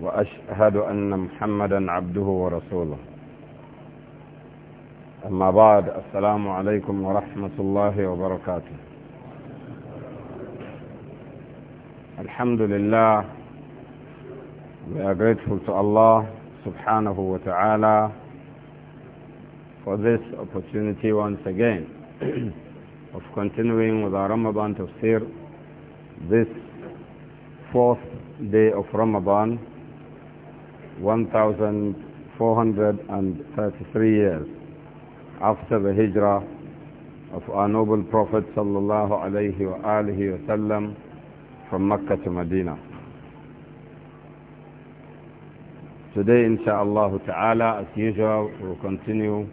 وأشهد أن محمدا عبده ورسوله أما بعد السلام عليكم ورحمة الله وبركاته الحمد لله We are grateful to Allah subhanahu wa ta'ala for this opportunity once again of continuing with our Ramadan tafsir this fourth day of Ramadan 1433 years after the hijrah of our noble prophet sallallahu alaihi wasallam from Mecca to Medina. Today insha'Allah ta'ala as usual we'll continue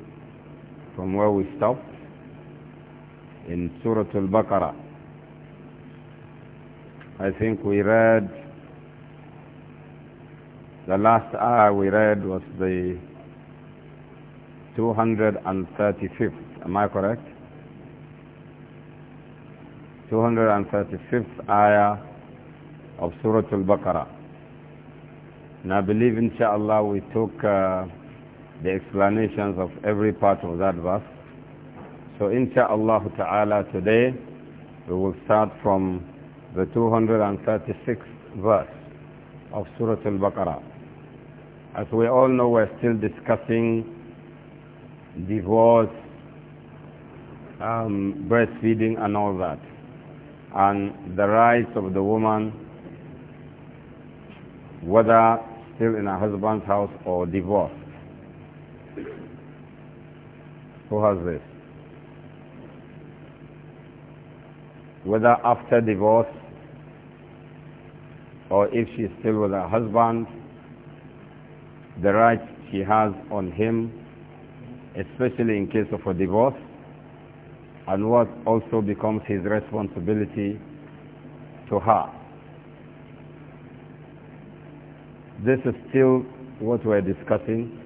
from where we stopped in Surah Al-Baqarah. I think we read the last ayah we read was the 235th, am I correct? 235th ayah of Surah Al-Baqarah. And I believe inshallah we took uh, the explanations of every part of that verse. So inshallah ta'ala today we will start from the 236th verse of Surah Al-Baqarah. As we all know, we're still discussing divorce, um, breastfeeding and all that, and the rights of the woman, whether still in her husband's house or divorced. Who has this? Whether after divorce or if she's still with her husband the rights she has on him, especially in case of a divorce, and what also becomes his responsibility to her. This is still what we're discussing.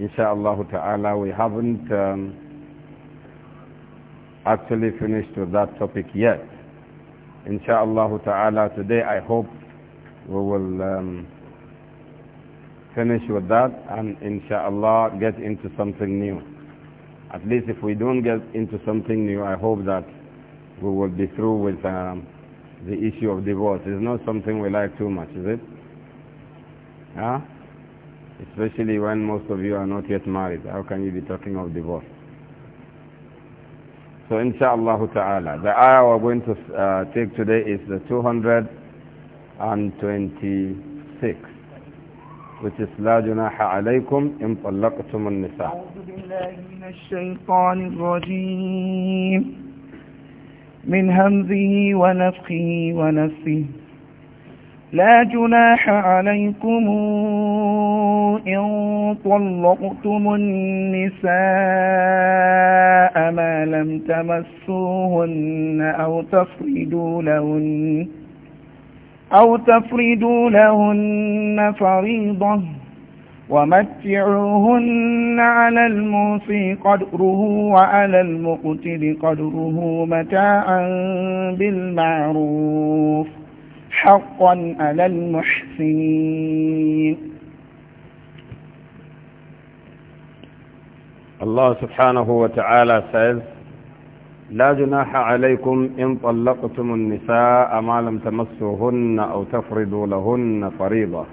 Insha'Allah ta'ala, we haven't um, actually finished with that topic yet. Insha'Allah ta'ala, today I hope we will um, finish with that and inshallah get into something new. At least if we don't get into something new, I hope that we will be through with um, the issue of divorce. It's not something we like too much, is it? Huh? Especially when most of you are not yet married. How can you be talking of divorce? So insha'Allah ta'ala, the ayah we're going to uh, take today is the 226. وتس لا جناح عليكم إن طلقتم النساء أعوذ بالله من الشيطان الرجيم من همزه ونفخه ونفسه لا جناح عليكم إن طلقتم النساء ما لم تمسوهن أو تفردوا لهن أو تفردوا لهن فريضة ومتعوهن على الموصي قدره وعلى المقتل قدره متاعا بالمعروف حقا على المحسنين الله سبحانه وتعالى ta'ala says لا جناح عليكم إن طلقتم النساء ما لم تمسوهن أو تفرضوا لهن فريضة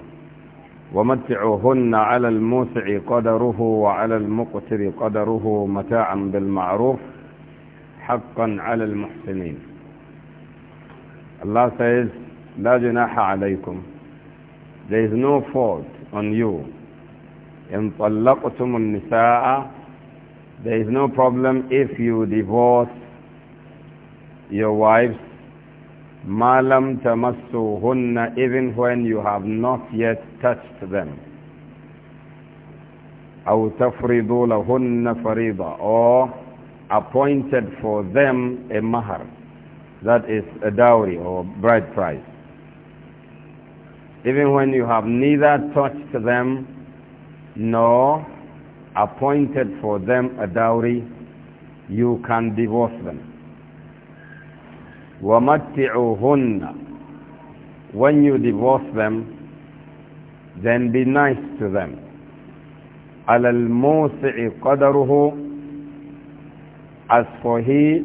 ومتعوهن على الموسع قدره وعلى المقتر قدره متاعا بالمعروف حقا على المحسنين Allah says لا جناح عليكم there is no fault on you إن طلقتم النساء there is no problem if you divorce your wives, malam hunna, even when you have not yet touched them. أو تفرضوا لهن فريضة or appointed for them a mahar that is a dowry or bride price even when you have neither touched them nor appointed for them a dowry you can divorce them وَمَتِّعُهُنَّ When you divorce them, then be nice to them. عَلَى الْمُوسِعِ قَدَرُهُ As for he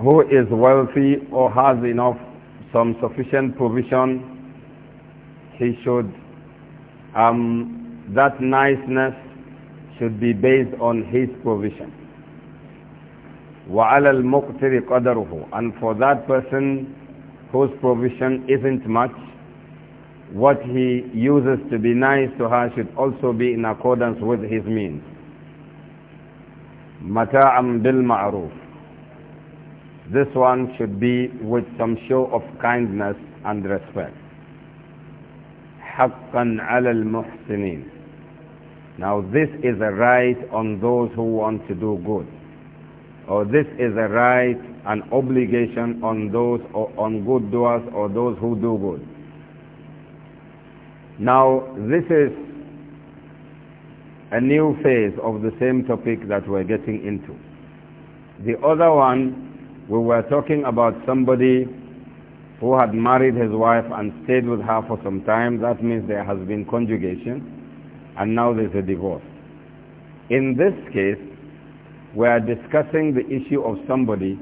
who is wealthy or has enough, some sufficient provision, he should, um, that niceness should be based on his provision. وَعَلَى الْمُقْتِرِ قَدَرُهُ And for that person whose provision isn't much, what he uses to be nice to her should also be in accordance with his means. مَتَاعًا بِالْمَعْرُوفِ This one should be with some show of kindness and respect. حَقًّا عَلَى الْمُحْسِنِينَ Now this is a right on those who want to do good or this is a right, an obligation on those or on good doers or those who do good. Now, this is a new phase of the same topic that we're getting into. The other one, we were talking about somebody who had married his wife and stayed with her for some time. That means there has been conjugation and now there's a divorce. In this case, we are discussing the issue of somebody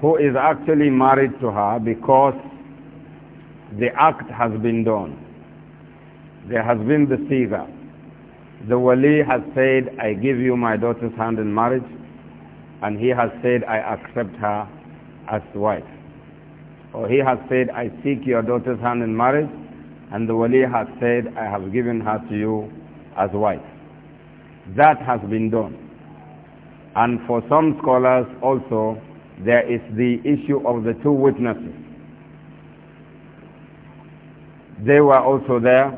who is actually married to her because the act has been done. There has been the seizure. The wali has said, I give you my daughter's hand in marriage, and he has said, I accept her as wife. Or he has said, I seek your daughter's hand in marriage, and the wali has said, I have given her to you as wife. That has been done. And for some scholars also, there is the issue of the two witnesses. They were also there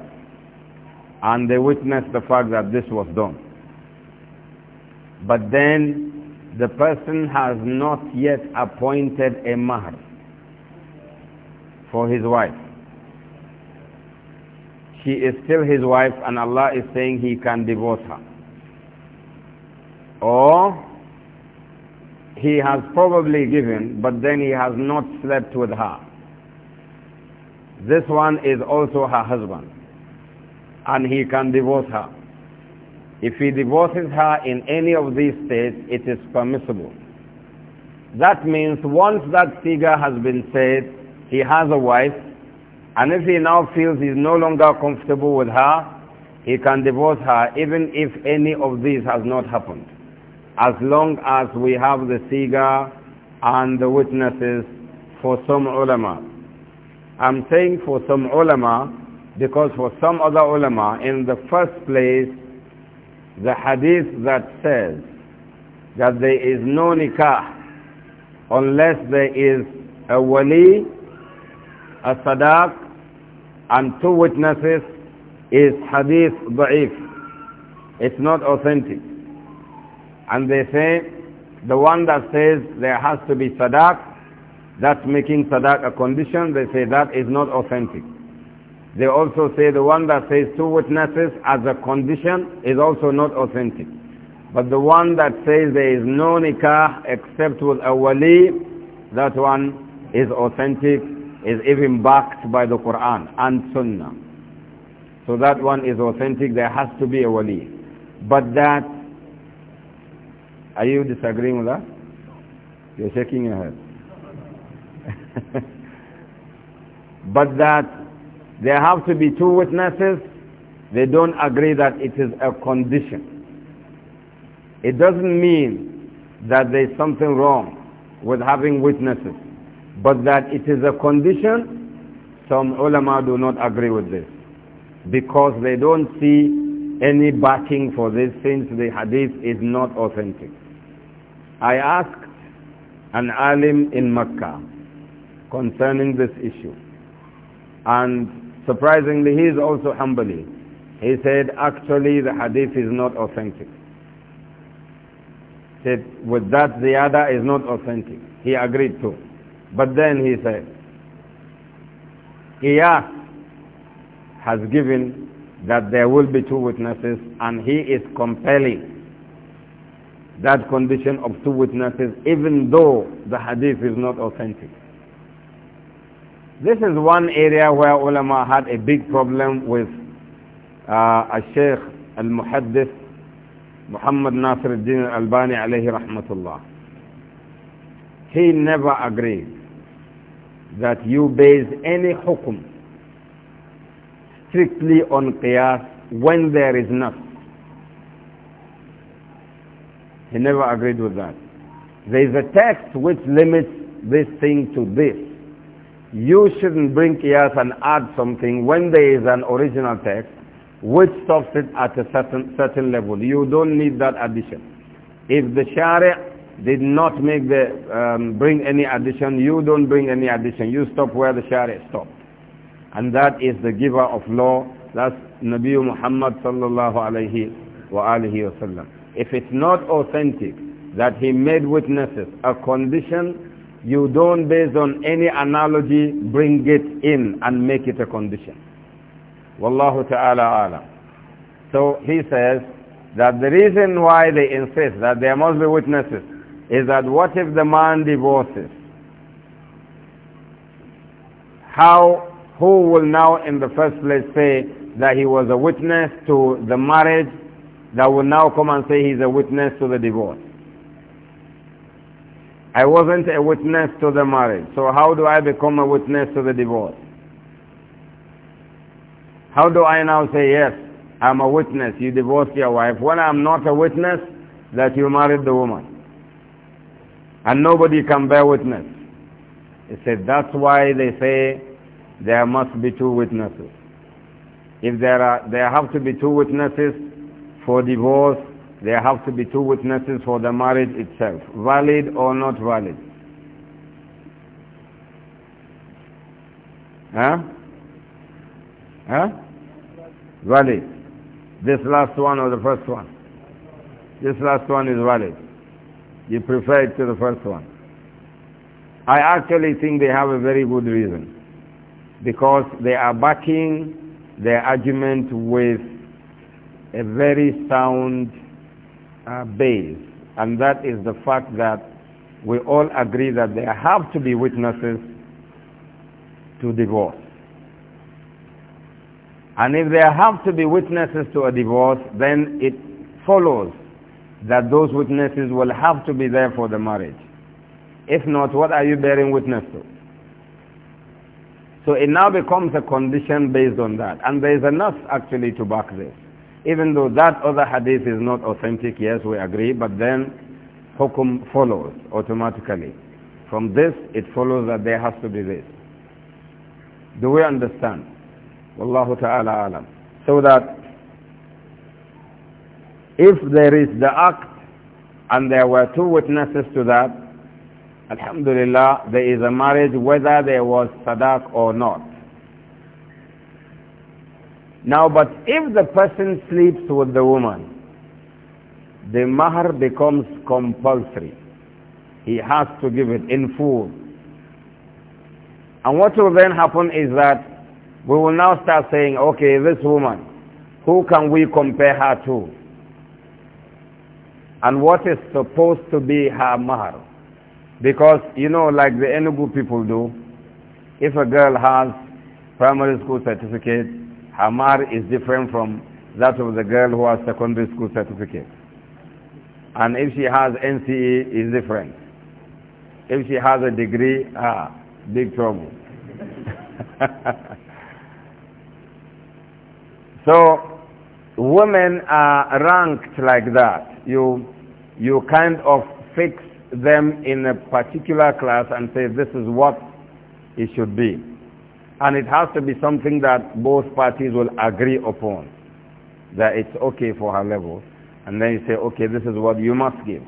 and they witnessed the fact that this was done. But then the person has not yet appointed a mahar for his wife. She is still his wife and Allah is saying he can divorce her. Or he has probably given, but then he has not slept with her. This one is also her husband. And he can divorce her. If he divorces her in any of these states, it is permissible. That means once that figure has been said, he has a wife, and if he now feels he's no longer comfortable with her, he can divorce her even if any of these has not happened as long as we have the siga and the witnesses for some ulama. I'm saying for some ulama because for some other ulama, in the first place, the hadith that says that there is no nikah unless there is a wali, a sadaq, and two witnesses is hadith da'if. It's not authentic. And they say, the one that says there has to be sadaq, that's making sadaq a condition, they say that is not authentic. They also say the one that says two witnesses as a condition is also not authentic. But the one that says there is no nikah except with a wali, that one is authentic, is even backed by the Quran and Sunnah. So that one is authentic, there has to be a wali. But that are you disagreeing with that? You're shaking your head. but that there have to be two witnesses, they don't agree that it is a condition. It doesn't mean that there's something wrong with having witnesses, but that it is a condition. Some ulama do not agree with this because they don't see any backing for this since the hadith is not authentic. I asked an alim in Mecca concerning this issue. And surprisingly, he is also humbly. He said, actually, the hadith is not authentic. He said, with that, the other is not authentic. He agreed too. But then he said, Qiyas has given that there will be two witnesses and he is compelling that condition of two witnesses even though the hadith is not authentic. This is one area where ulama had a big problem with uh, Al-Sheikh Al-Muhaddith Muhammad Nasir al-Din al-Albani alayhi rahmatullah. He never agreed that you base any hukum strictly on qiyas when there is not. He never agreed with that. There is a text which limits this thing to this. You shouldn't bring qiyas and add something when there is an original text which stops it at a certain, certain level. You don't need that addition. If the Sharia did not make the, um, bring any addition, you don't bring any addition. You stop where the Sharia stopped. And that is the giver of law. That's Nabi Muhammad sallallahu alayhi wa alihi wa sallam if it's not authentic, that he made witnesses, a condition, you don't based on any analogy bring it in and make it a condition. Wallahu ta'ala alam. So he says that the reason why they insist that there must be witnesses is that what if the man divorces? How, who will now in the first place say that he was a witness to the marriage that will now come and say he's a witness to the divorce. I wasn't a witness to the marriage, so how do I become a witness to the divorce? How do I now say, yes, I'm a witness, you divorced your wife, when I'm not a witness that you married the woman? And nobody can bear witness. He said, that's why they say there must be two witnesses. If there are, there have to be two witnesses for divorce, there have to be two witnesses for the marriage itself, valid or not valid. Huh? Huh? Valid. This last one or the first one? This last one is valid. You prefer it to the first one. I actually think they have a very good reason. Because they are backing their argument with a very sound uh, base, and that is the fact that we all agree that there have to be witnesses to divorce. And if there have to be witnesses to a divorce, then it follows that those witnesses will have to be there for the marriage. If not, what are you bearing witness to? So it now becomes a condition based on that. And there is enough actually to back this. Even though that other hadith is not authentic, yes, we agree, but then hukum follows automatically. From this, it follows that there has to be this. Do we understand? Wallahu ta'ala alam. So that if there is the act and there were two witnesses to that, alhamdulillah, there is a marriage whether there was sadaq or not. Now, but if the person sleeps with the woman, the mahar becomes compulsory. He has to give it in full. And what will then happen is that we will now start saying, okay, this woman, who can we compare her to? And what is supposed to be her mahar? Because, you know, like the Enugu people do, if a girl has primary school certificate, Hamar is different from that of the girl who has secondary school certificate. And if she has NCE, is different. If she has a degree, ah, big trouble. so, women are ranked like that. You, you kind of fix them in a particular class and say this is what it should be. And it has to be something that both parties will agree upon, that it's okay for her level. And then you say, okay, this is what you must give.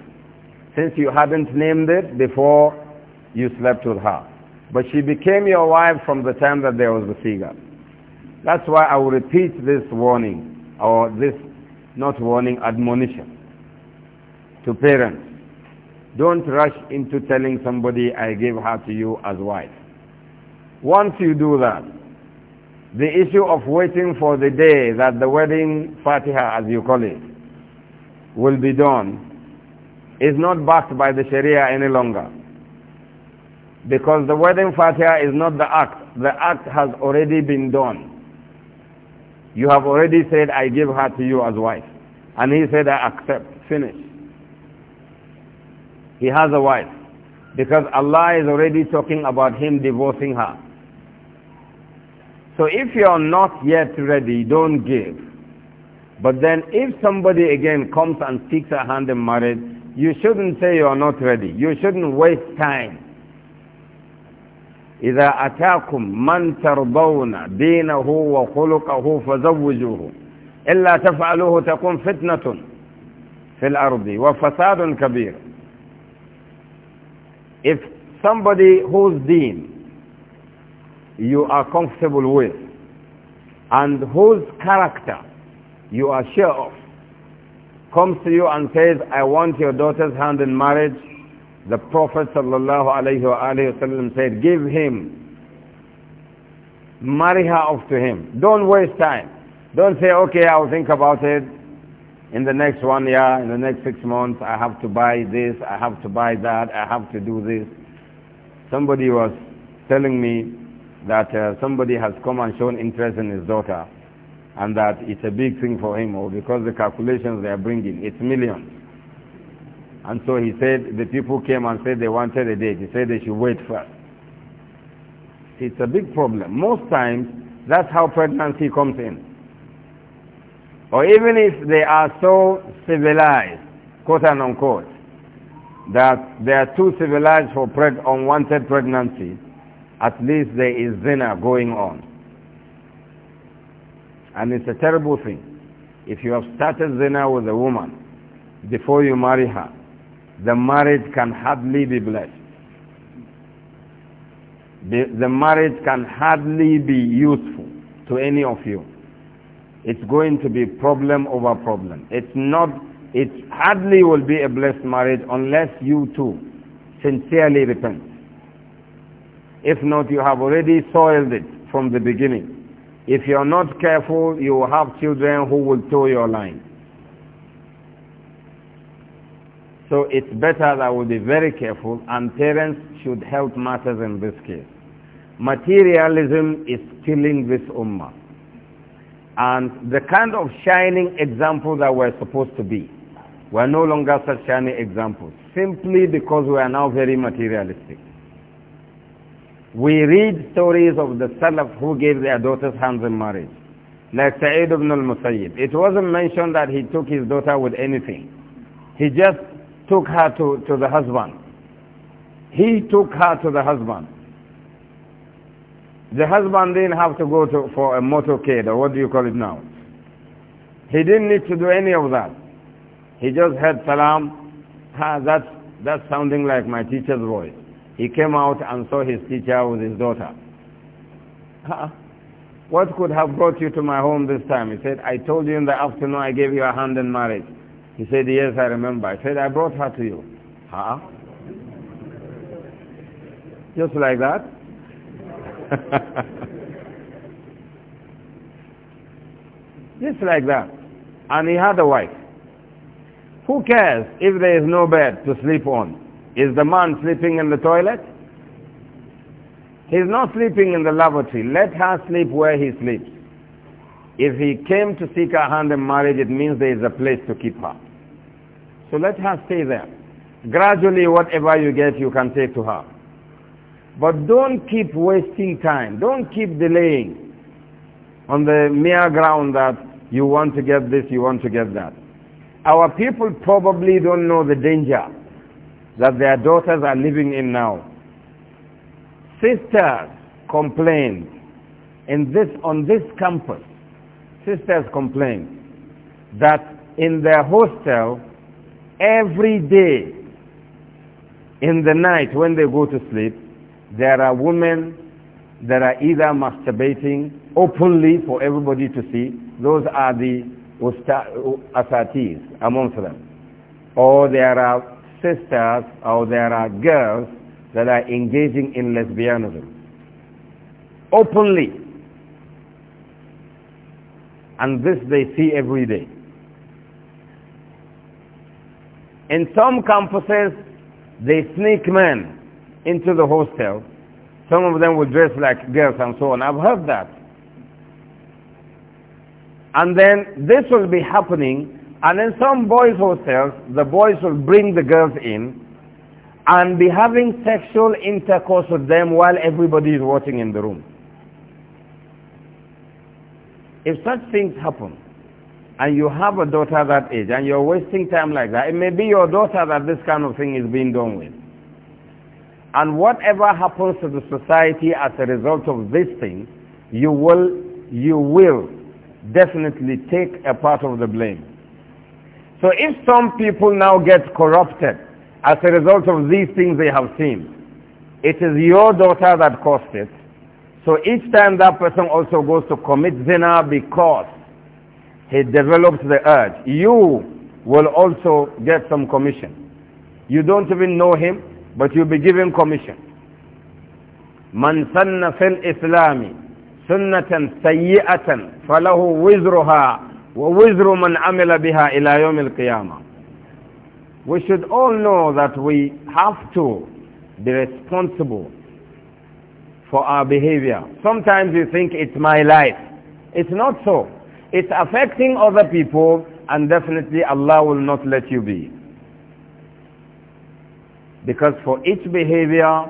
Since you hadn't named it before you slept with her. But she became your wife from the time that there was the figure. That's why I will repeat this warning, or this, not warning, admonition to parents. Don't rush into telling somebody, I gave her to you as wife. Once you do that, the issue of waiting for the day that the wedding fatiha, as you call it, will be done is not backed by the sharia any longer. Because the wedding fatiha is not the act. The act has already been done. You have already said, I give her to you as wife. And he said, I accept. Finish. He has a wife. Because Allah is already talking about him divorcing her. So if you're not yet ready, don't give. But then if somebody again comes and seeks a hand in marriage, you shouldn't say you're not ready. You shouldn't waste time. إذا أتاكم من ترضون دينه وخلقه فزوجوه إلا تفعلوه تكون فتنة في الأرض وفساد كبير If somebody whose deen you are comfortable with and whose character you are sure of comes to you and says, I want your daughter's hand in marriage, the Prophet ﷺ said, give him, marry her off to him. Don't waste time. Don't say, okay, I'll think about it. In the next one year, in the next six months, I have to buy this, I have to buy that, I have to do this. Somebody was telling me that uh, somebody has come and shown interest in his daughter and that it's a big thing for him or because the calculations they are bringing, it's millions. And so he said, the people came and said they wanted a date. He said they should wait first. It's a big problem. Most times, that's how pregnancy comes in. Or even if they are so civilized, quote and unquote, that they are too civilized for preg unwanted pregnancy, at least there is zina going on. And it's a terrible thing. If you have started zina with a woman before you marry her, the marriage can hardly be blessed. The, marriage can hardly be useful to any of you. It's going to be problem over problem. It's not, it hardly will be a blessed marriage unless you too sincerely repent. If not, you have already soiled it from the beginning. If you're not careful, you will have children who will tow your line. So it's better that we be very careful and parents should help matters in this case. Materialism is killing this ummah. And the kind of shining example that we're supposed to be, we're no longer such shining examples, simply because we are now very materialistic. We read stories of the Salaf who gave their daughters hands in marriage. Like Sa'id ibn al-Musayyib. It wasn't mentioned that he took his daughter with anything. He just took her to, to the husband. He took her to the husband. The husband didn't have to go to, for a motorcade or what do you call it now. He didn't need to do any of that. He just heard salam. Ha, that's, that's sounding like my teacher's voice. He came out and saw his teacher with his daughter. Huh? What could have brought you to my home this time? He said, I told you in the afternoon I gave you a hand in marriage. He said, yes, I remember. I said, I brought her to you. Huh? Just like that? Just like that. And he had a wife. Who cares if there is no bed to sleep on? Is the man sleeping in the toilet? He's not sleeping in the lavatory. Let her sleep where he sleeps. If he came to seek her hand in marriage, it means there is a place to keep her. So let her stay there. Gradually, whatever you get, you can take to her. But don't keep wasting time. Don't keep delaying on the mere ground that you want to get this, you want to get that. Our people probably don't know the danger that their daughters are living in now. Sisters complained in this, on this campus. Sisters complained that in their hostel, every day, in the night when they go to sleep, there are women that are either masturbating openly for everybody to see. Those are the asatis amongst them. Or there are sisters or there are girls that are engaging in lesbianism openly. And this they see every day. In some campuses, they sneak men into the hostel. Some of them will dress like girls and so on. I've heard that. And then this will be happening and in some boys' hotels, the boys will bring the girls in and be having sexual intercourse with them while everybody is watching in the room. If such things happen, and you have a daughter that age, and you're wasting time like that, it may be your daughter that this kind of thing is being done with. And whatever happens to the society as a result of this thing, you will, you will definitely take a part of the blame. So if some people now get corrupted as a result of these things they have seen, it is your daughter that caused it. So each time that person also goes to commit zina because he develops the urge, you will also get some commission. You don't even know him, but you'll be given commission. من سن في الإسلام سنة سيئة فله وزرها وَوِزْرُ مَنْ عَمِلَ بِهَا إِلَى يَوْمِ الْقِيَامَةِ We should all know that we have to be responsible for our behavior. Sometimes you think it's my life. It's not so. It's affecting other people and definitely Allah will not let you be. Because for each behavior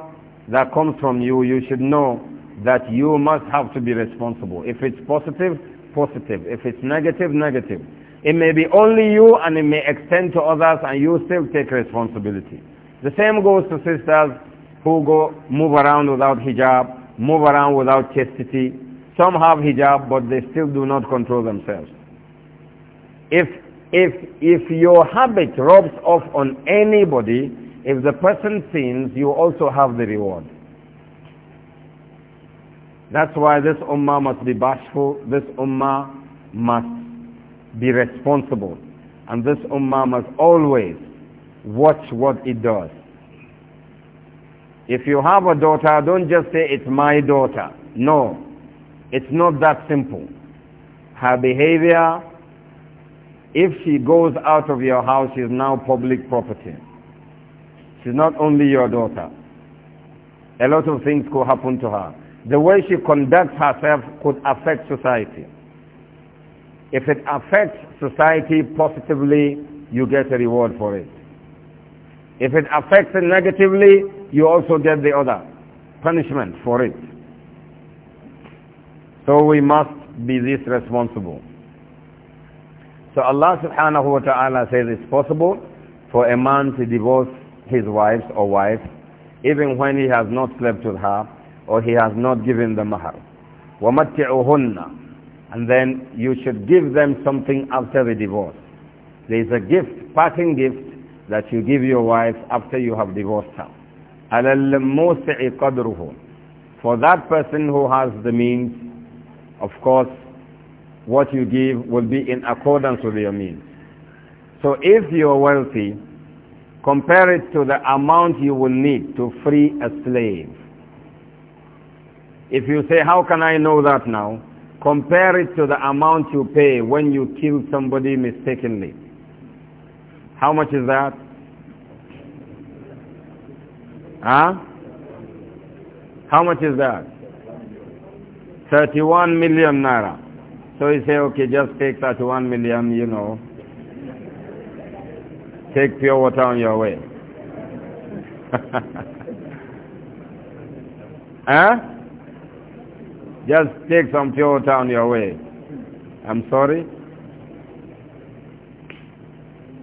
that comes from you, you should know that you must have to be responsible. If it's positive, positive. If it's negative, negative. It may be only you and it may extend to others and you still take responsibility. The same goes to sisters who go move around without hijab, move around without chastity. Some have hijab but they still do not control themselves. If, if, if your habit rubs off on anybody, if the person sins, you also have the reward. That's why this ummah must be bashful, this ummah must be responsible, and this ummah must always watch what it does. If you have a daughter, don't just say, it's my daughter. No, it's not that simple. Her behavior, if she goes out of your house, is now public property. She's not only your daughter. A lot of things could happen to her the way she conducts herself could affect society. If it affects society positively, you get a reward for it. If it affects it negatively, you also get the other punishment for it. So we must be this responsible. So Allah subhanahu wa ta'ala says it's possible for a man to divorce his wives or wife even when he has not slept with her or he has not given the mahar. وَمَتِّعُهُنَّ And then you should give them something after the divorce. There is a gift, parting gift, that you give your wife after you have divorced her. عَلَى الْمُوسِعِ قَدْرُهُ For that person who has the means, of course, what you give will be in accordance with your means. So if you are wealthy, compare it to the amount you will need to free a slave. If you say, how can I know that now? Compare it to the amount you pay when you kill somebody mistakenly. How much is that? Huh? How much is that? 31 million naira. So you say, okay, just take 31 million, you know. Take pure water on your way. huh? Just take some pure water on your way. I'm sorry.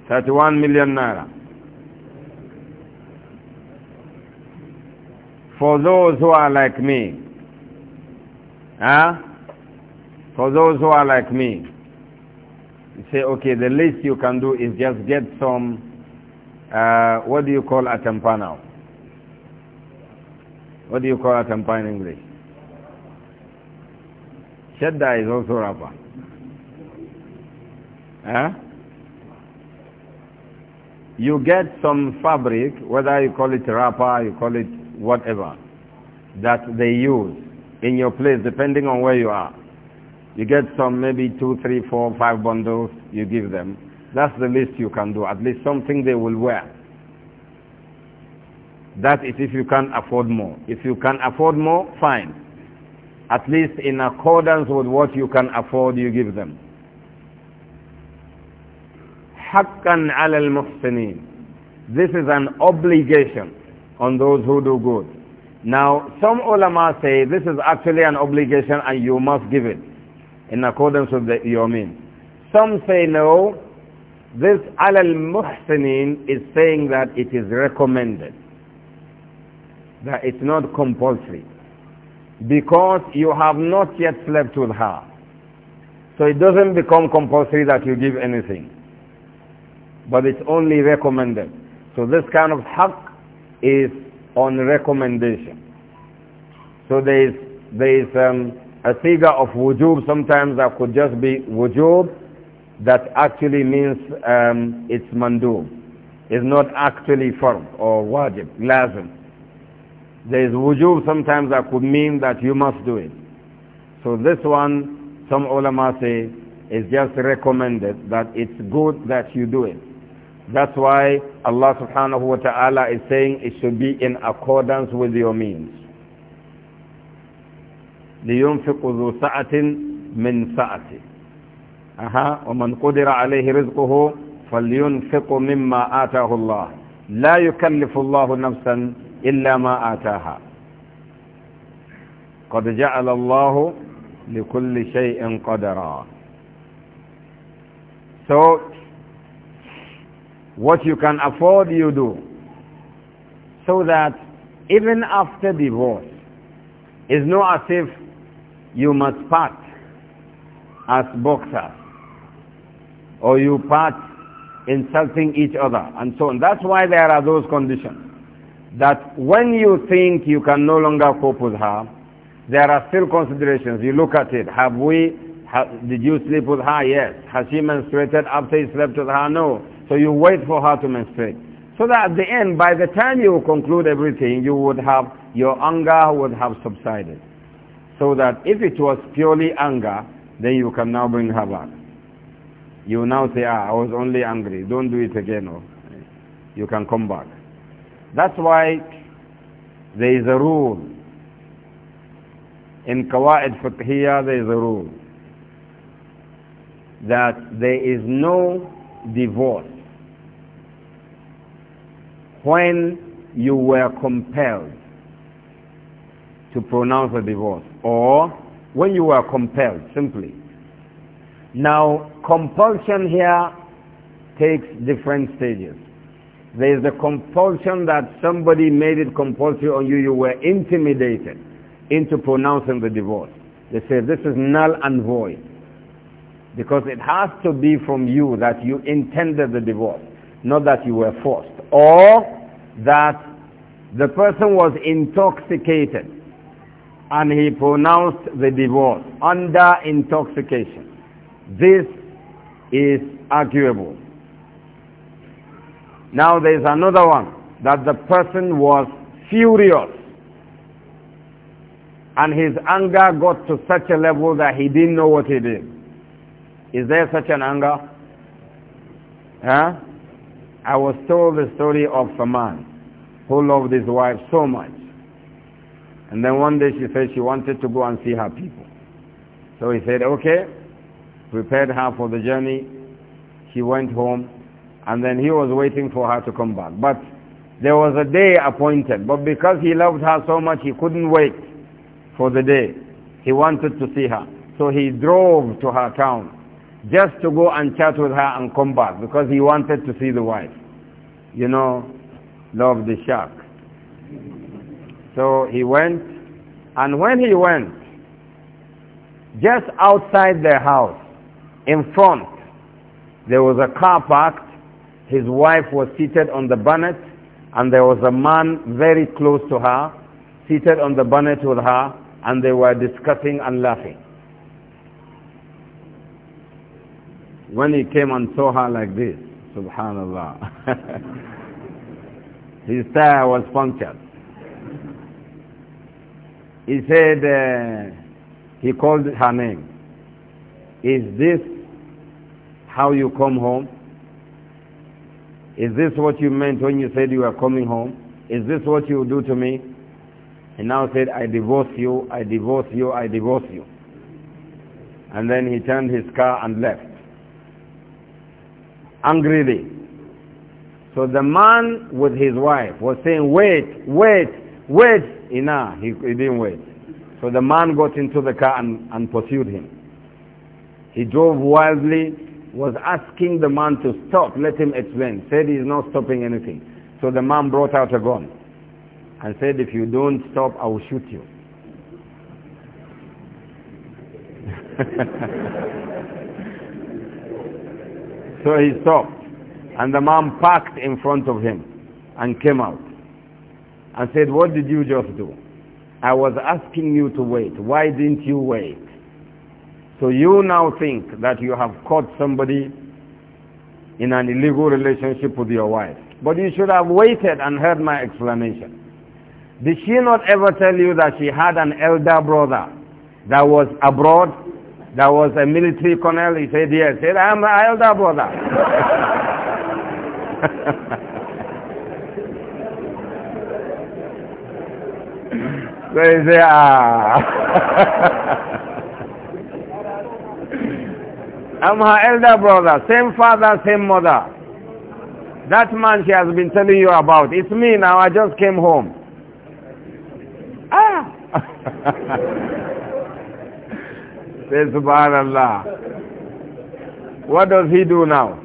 31 million naira. For those who are like me, huh? For those who are like me, you say, okay, the least you can do is just get some, uh, what do you call a tampano? What do you call atampa in English? Shadda is also rubber. You get some fabric, whether you call it wrapper, you call it whatever, that they use in your place, depending on where you are. You get some maybe two, three, four, five bundles, you give them. That's the least you can do, at least something they will wear. That is if you can afford more. If you can afford more, fine. At least in accordance with what you can afford, you give them. haqqan al الْمُحْسِنِينَ This is an obligation on those who do good. Now, some ulama say this is actually an obligation and you must give it in accordance with the, your means. Some say no, this al muhsinin is saying that it is recommended, that it's not compulsory because you have not yet slept with her. So it doesn't become compulsory that you give anything. But it's only recommended. So this kind of haqq is on recommendation. So there is, there is um, a figure of wujub sometimes that could just be wujub that actually means um, it's mandub. It's not actually farm or wajib, lazim. There is wujub sometimes that could mean that you must do it. So this one, some ulama say, is just recommended that it's good that you do it. That's why Allah subhanahu wa ta'ala is saying it should be in accordance with your means. لينفق ذو سعة من سعته أها ومن قدر عليه رزقه فلينفق مما آتاه الله لا يكلف الله نفسا إلا ما آتاها قد جعل الله لكل شيء قدرا So what you can afford you do so that even after divorce it's not as if you must part as boxers or you part insulting each other and so on. That's why there are those conditions that when you think you can no longer cope with her, there are still considerations. You look at it. Have we, ha, did you sleep with her? Yes. Has she menstruated after you slept with her? No. So you wait for her to menstruate. So that at the end, by the time you conclude everything, you would have, your anger would have subsided. So that if it was purely anger, then you can now bring her back. You now say, ah, I was only angry. Don't do it again. Or oh. you can come back. That's why there is a rule. In Qawaid Fiqhiyya there is a rule that there is no divorce when you were compelled to pronounce a divorce or when you were compelled simply. Now compulsion here takes different stages. There is the compulsion that somebody made it compulsory on you. You were intimidated into pronouncing the divorce. They say this is null and void. Because it has to be from you that you intended the divorce, not that you were forced. Or that the person was intoxicated and he pronounced the divorce under intoxication. This is arguable. Now there is another one that the person was furious and his anger got to such a level that he didn't know what he did. Is there such an anger? Huh? I was told the story of a man who loved his wife so much. And then one day she said she wanted to go and see her people. So he said, okay, prepared her for the journey. She went home and then he was waiting for her to come back. But there was a day appointed, but because he loved her so much, he couldn't wait for the day. He wanted to see her. So he drove to her town just to go and chat with her and come back because he wanted to see the wife. You know, love the shark. So he went, and when he went, just outside their house, in front, there was a car parked his wife was seated on the bonnet and there was a man very close to her seated on the bonnet with her and they were discussing and laughing. When he came and saw her like this, subhanallah, his tire was punctured. He said, uh, he called her name. Is this how you come home? Is this what you meant when you said you were coming home? Is this what you do to me? He now said, I divorce you, I divorce you, I divorce you. And then he turned his car and left. Angrily. So the man with his wife was saying, wait, wait, wait. Enough. he, he didn't wait. So the man got into the car and, and pursued him. He drove wildly was asking the man to stop, let him explain. Said he's not stopping anything. So the man brought out a gun and said, if you don't stop, I will shoot you. so he stopped. And the man parked in front of him and came out and said, what did you just do? I was asking you to wait. Why didn't you wait? So you now think that you have caught somebody in an illegal relationship with your wife. But you should have waited and heard my explanation. Did she not ever tell you that she had an elder brother that was abroad, that was a military colonel? He said, yes. He said, I am an elder brother. They say, ah. I'm her elder brother, same father, same mother. That man she has been telling you about, it's me now, I just came home. Ah! Say subhanallah. What does he do now?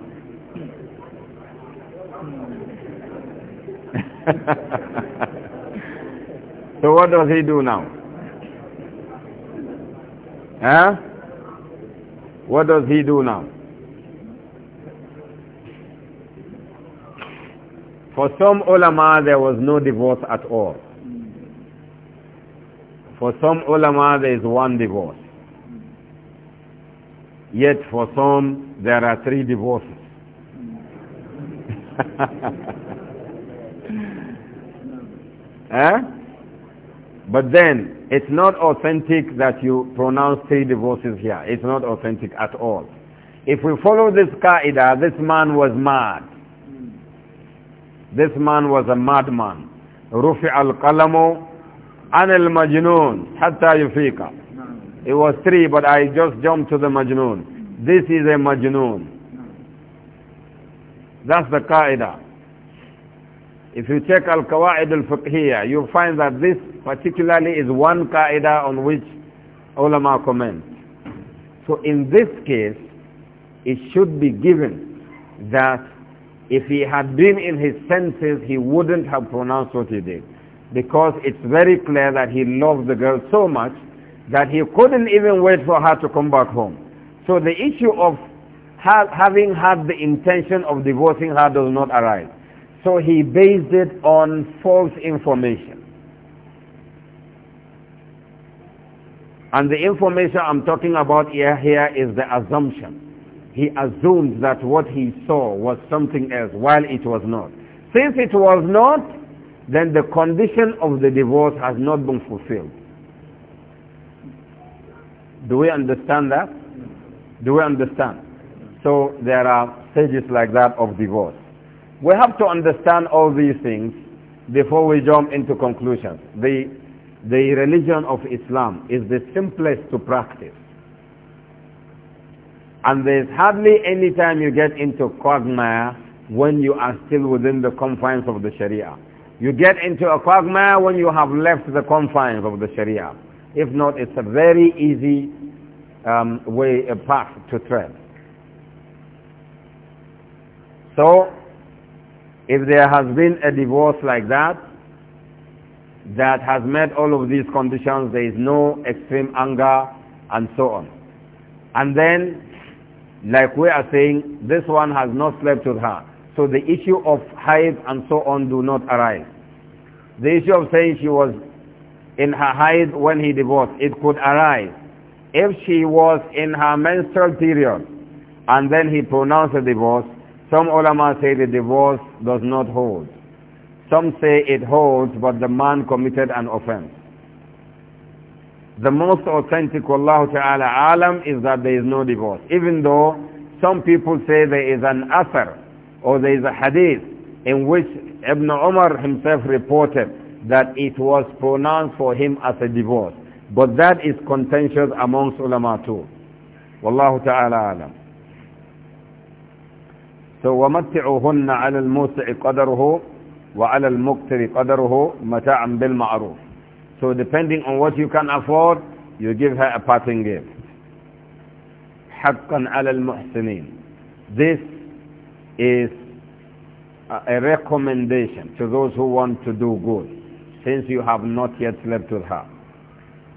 so what does he do now? Huh? What does he do now? For some ulama, there was no divorce at all. For some ulama, there is one divorce. Yet for some, there are three divorces. eh? But then, it's not authentic that you pronounce three divorces here. It's not authentic at all. If we follow this qaida, this man was mad. This man was a madman. Rufi al القلم anil majnoon hatta yufika. It was three, but I just jumped to the majnun. This is a majnun. That's the qaida. If you check Al-Qawaid al-Fiqhiyya, you find that this particularly is one qaida on which ulama comment. So in this case, it should be given that if he had been in his senses, he wouldn't have pronounced what he did. Because it's very clear that he loved the girl so much that he couldn't even wait for her to come back home. So the issue of ha having had the intention of divorcing her does not arise. So he based it on false information. And the information I'm talking about here, here is the assumption. He assumed that what he saw was something else while it was not. Since it was not, then the condition of the divorce has not been fulfilled. Do we understand that? Do we understand? So there are stages like that of divorce. We have to understand all these things before we jump into conclusions. The, the religion of Islam is the simplest to practice. And there's hardly any time you get into quagmire when you are still within the confines of the Sharia. You get into a quagmire when you have left the confines of the Sharia. If not, it's a very easy um, way, a path to tread. So, if there has been a divorce like that, that has met all of these conditions, there is no extreme anger and so on. And then, like we are saying, this one has not slept with her. So the issue of haid and so on do not arise. The issue of saying she was in her haid when he divorced, it could arise. If she was in her menstrual period and then he pronounced a divorce, some ulama say the divorce does not hold. Some say it holds, but the man committed an offense. The most authentic, Wallahu ta'ala alam, is that there is no divorce. Even though some people say there is an asr, or there is a hadith, in which Ibn Umar himself reported that it was pronounced for him as a divorce. But that is contentious amongst ulama too. Wallahu ta'ala alam. ومتعوهن على الموسع قدره وعلى المقتر قدره متاعا بالمعروف. So depending on what you can afford, you give her a parting gift. حقا على المحسنين. This is a recommendation to those who want to do good since you have not yet slept with her.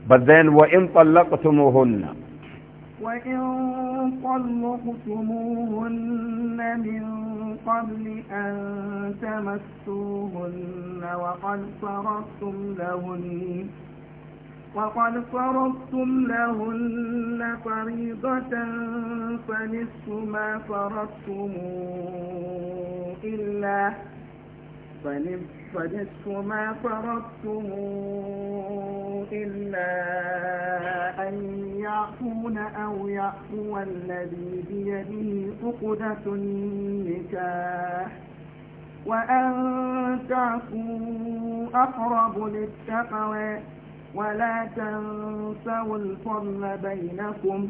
But then وَإِن طَلَّقْتُمُهُنَّ وإن طلقتموهن من قبل أن تمسوهن وقد فرضتم لهن وقد فرضتم لهن فريضة فنصف ما فرضتم إلا فنصف ما فرضتم إلا أن يعفون أو يعفو الذي بيده عقدة النكاح وأن تعفوا أقرب للتقوى ولا تنسوا الفضل بينكم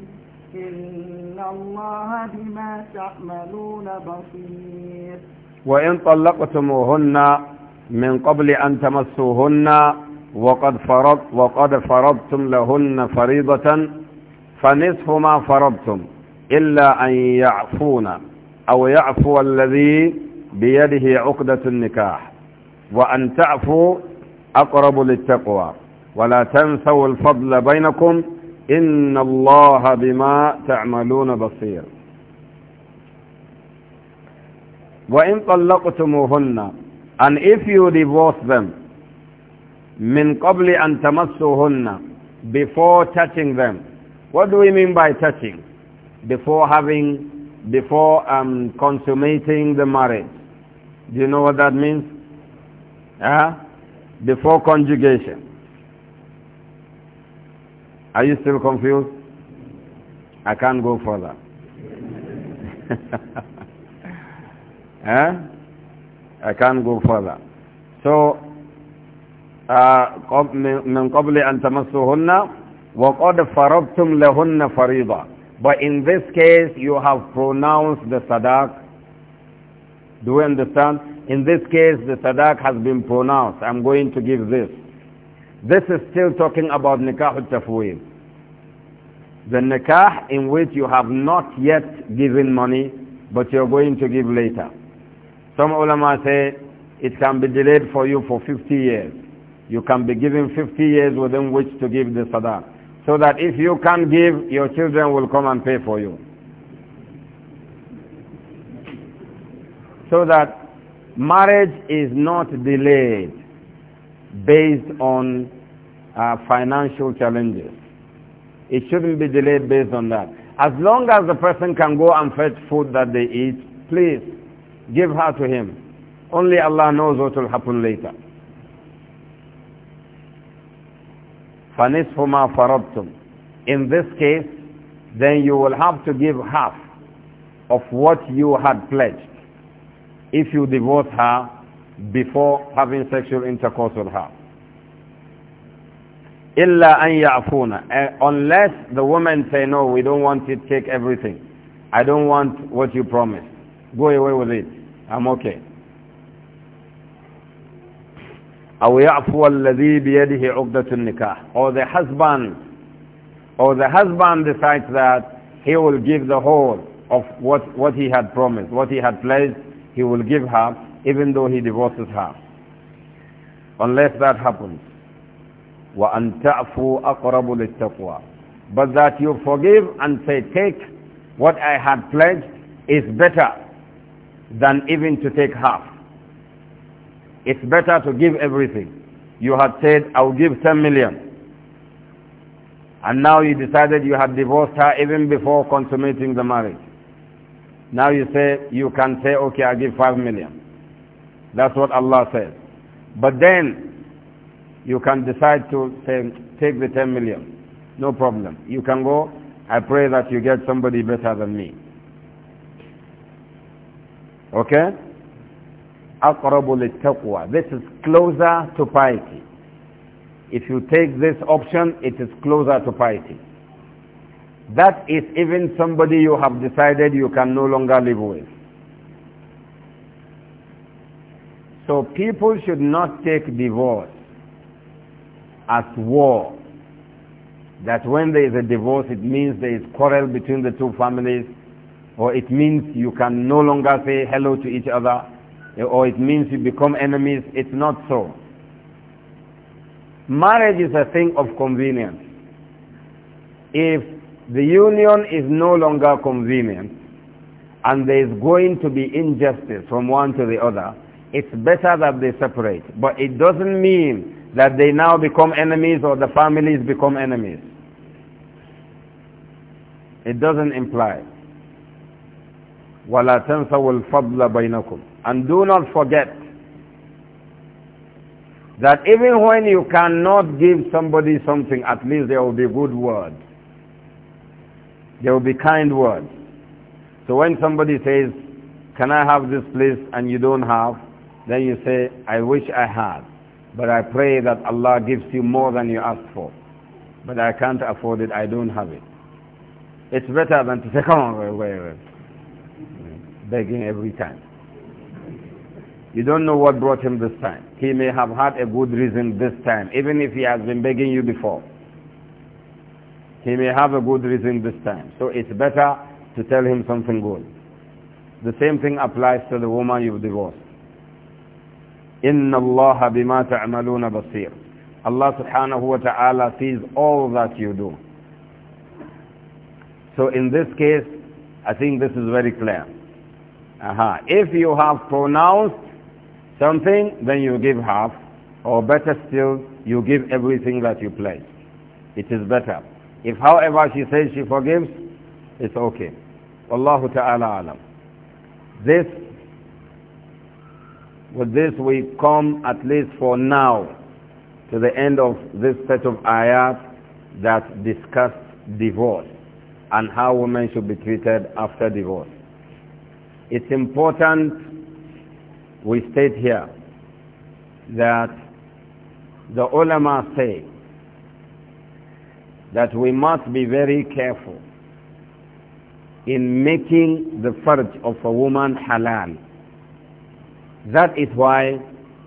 إن الله بما تعملون بصير وإن طلقتموهن من قبل أن تمسوهن وقد, فرض وقد فرضتم لهن فريضة فنصف ما فرضتم إلا أن يعفون أو يعفو الذي بيده عقدة النكاح وأن تعفوا أقرب للتقوى ولا تنسوا الفضل بينكم إن الله بما تعملون بصير وَإِن طَلَّقْتُمُوهُنَّ And if you divorce them, مِن قَبْلِ أَن تَمَسُّوهُنَّ Before touching them. What do we mean by touching? Before having, before um, consummating the marriage. Do you know what that means? Huh? Before conjugation. Are you still confused? I can't go further. Eh? I can't go further. So, من قبل أن تمسوهن وقد فرضتم لهن فريضة. But in this case, you have pronounced the sadaq. Do we understand? In this case, the sadaq has been pronounced. I'm going to give this. This is still talking about nikah al-tafwid. The nikah in which you have not yet given money, but you're going to give later. Some ulama say it can be delayed for you for 50 years. You can be given 50 years within which to give the sadaqah, So that if you can't give, your children will come and pay for you. So that marriage is not delayed based on uh, financial challenges. It shouldn't be delayed based on that. As long as the person can go and fetch food that they eat, please, Give her to him. Only Allah knows what will happen later. فَنِصْفُ مَا In this case, then you will have to give half of what you had pledged if you divorce her before having sexual intercourse with her. إِلَّا أَن يَعْفُونَ eh, Unless the woman say, no, we don't want it, take everything. I don't want what you promised. Go away with it. I'm okay. أو يعفو الذي بيده عقدة النكاح or the husband or the husband decides that he will give the whole of what, what he had promised, what he had pledged, he will give her even though he divorces her. Unless that happens. وَأَن أَقْرَبُ لِلتَّقْوَى But that you forgive and say, take what I had pledged is better than even to take half. It's better to give everything. You had said, I'll give 10 million. And now you decided you had divorced her even before consummating the marriage. Now you say, you can say, okay, I'll give 5 million. That's what Allah says. But then, you can decide to say, take the 10 million. No problem. You can go. I pray that you get somebody better than me. Okay? This is closer to piety. If you take this option, it is closer to piety. That is even somebody you have decided you can no longer live with. So people should not take divorce as war. That when there is a divorce, it means there is quarrel between the two families or it means you can no longer say hello to each other, or it means you become enemies. It's not so. Marriage is a thing of convenience. If the union is no longer convenient, and there is going to be injustice from one to the other, it's better that they separate. But it doesn't mean that they now become enemies or the families become enemies. It doesn't imply. وَلَا الْفَضْلَ بَيْنَكُمْ And do not forget that even when you cannot give somebody something, at least there will be good words. There will be kind words. So when somebody says, can I have this please, and you don't have, then you say, I wish I had, but I pray that Allah gives you more than you asked for. But I can't afford it, I don't have it. It's better than to say, come on, wait, wait, wait begging every time. You don't know what brought him this time. He may have had a good reason this time, even if he has been begging you before. He may have a good reason this time. So it's better to tell him something good. The same thing applies to the woman you've divorced. إِنَّ Allah بِمَا تَعْمَلُونَ Allah subhanahu wa ta'ala sees all that you do. So in this case, I think this is very clear. Aha. If you have pronounced something, then you give half. Or better still, you give everything that you pledge. It is better. If however she says she forgives, it's okay. Wallahu ta'ala alam. This, with this we come at least for now to the end of this set of ayat that discussed divorce and how women should be treated after divorce. It's important we state here that the ulama say that we must be very careful in making the farj of a woman halal. That is why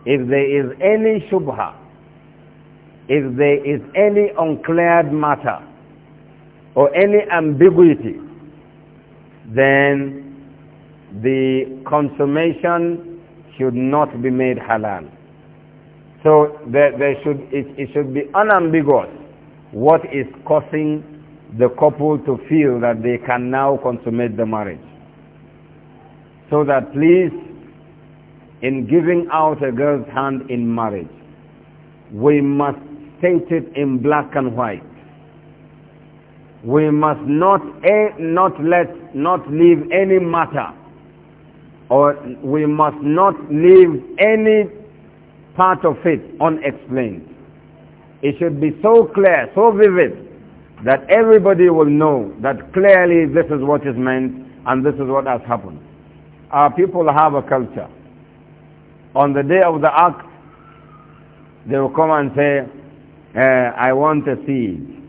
if there is any shubha, if there is any uncleared matter or any ambiguity, then the consummation should not be made halal. So there, there should, it, it should be unambiguous what is causing the couple to feel that they can now consummate the marriage. So that please, in giving out a girl's hand in marriage, we must state it in black and white. We must not, eh, not let, not leave any matter or we must not leave any part of it unexplained. It should be so clear, so vivid, that everybody will know that clearly this is what is meant and this is what has happened. Our people have a culture. On the day of the act, they will come and say, eh, I want a seed.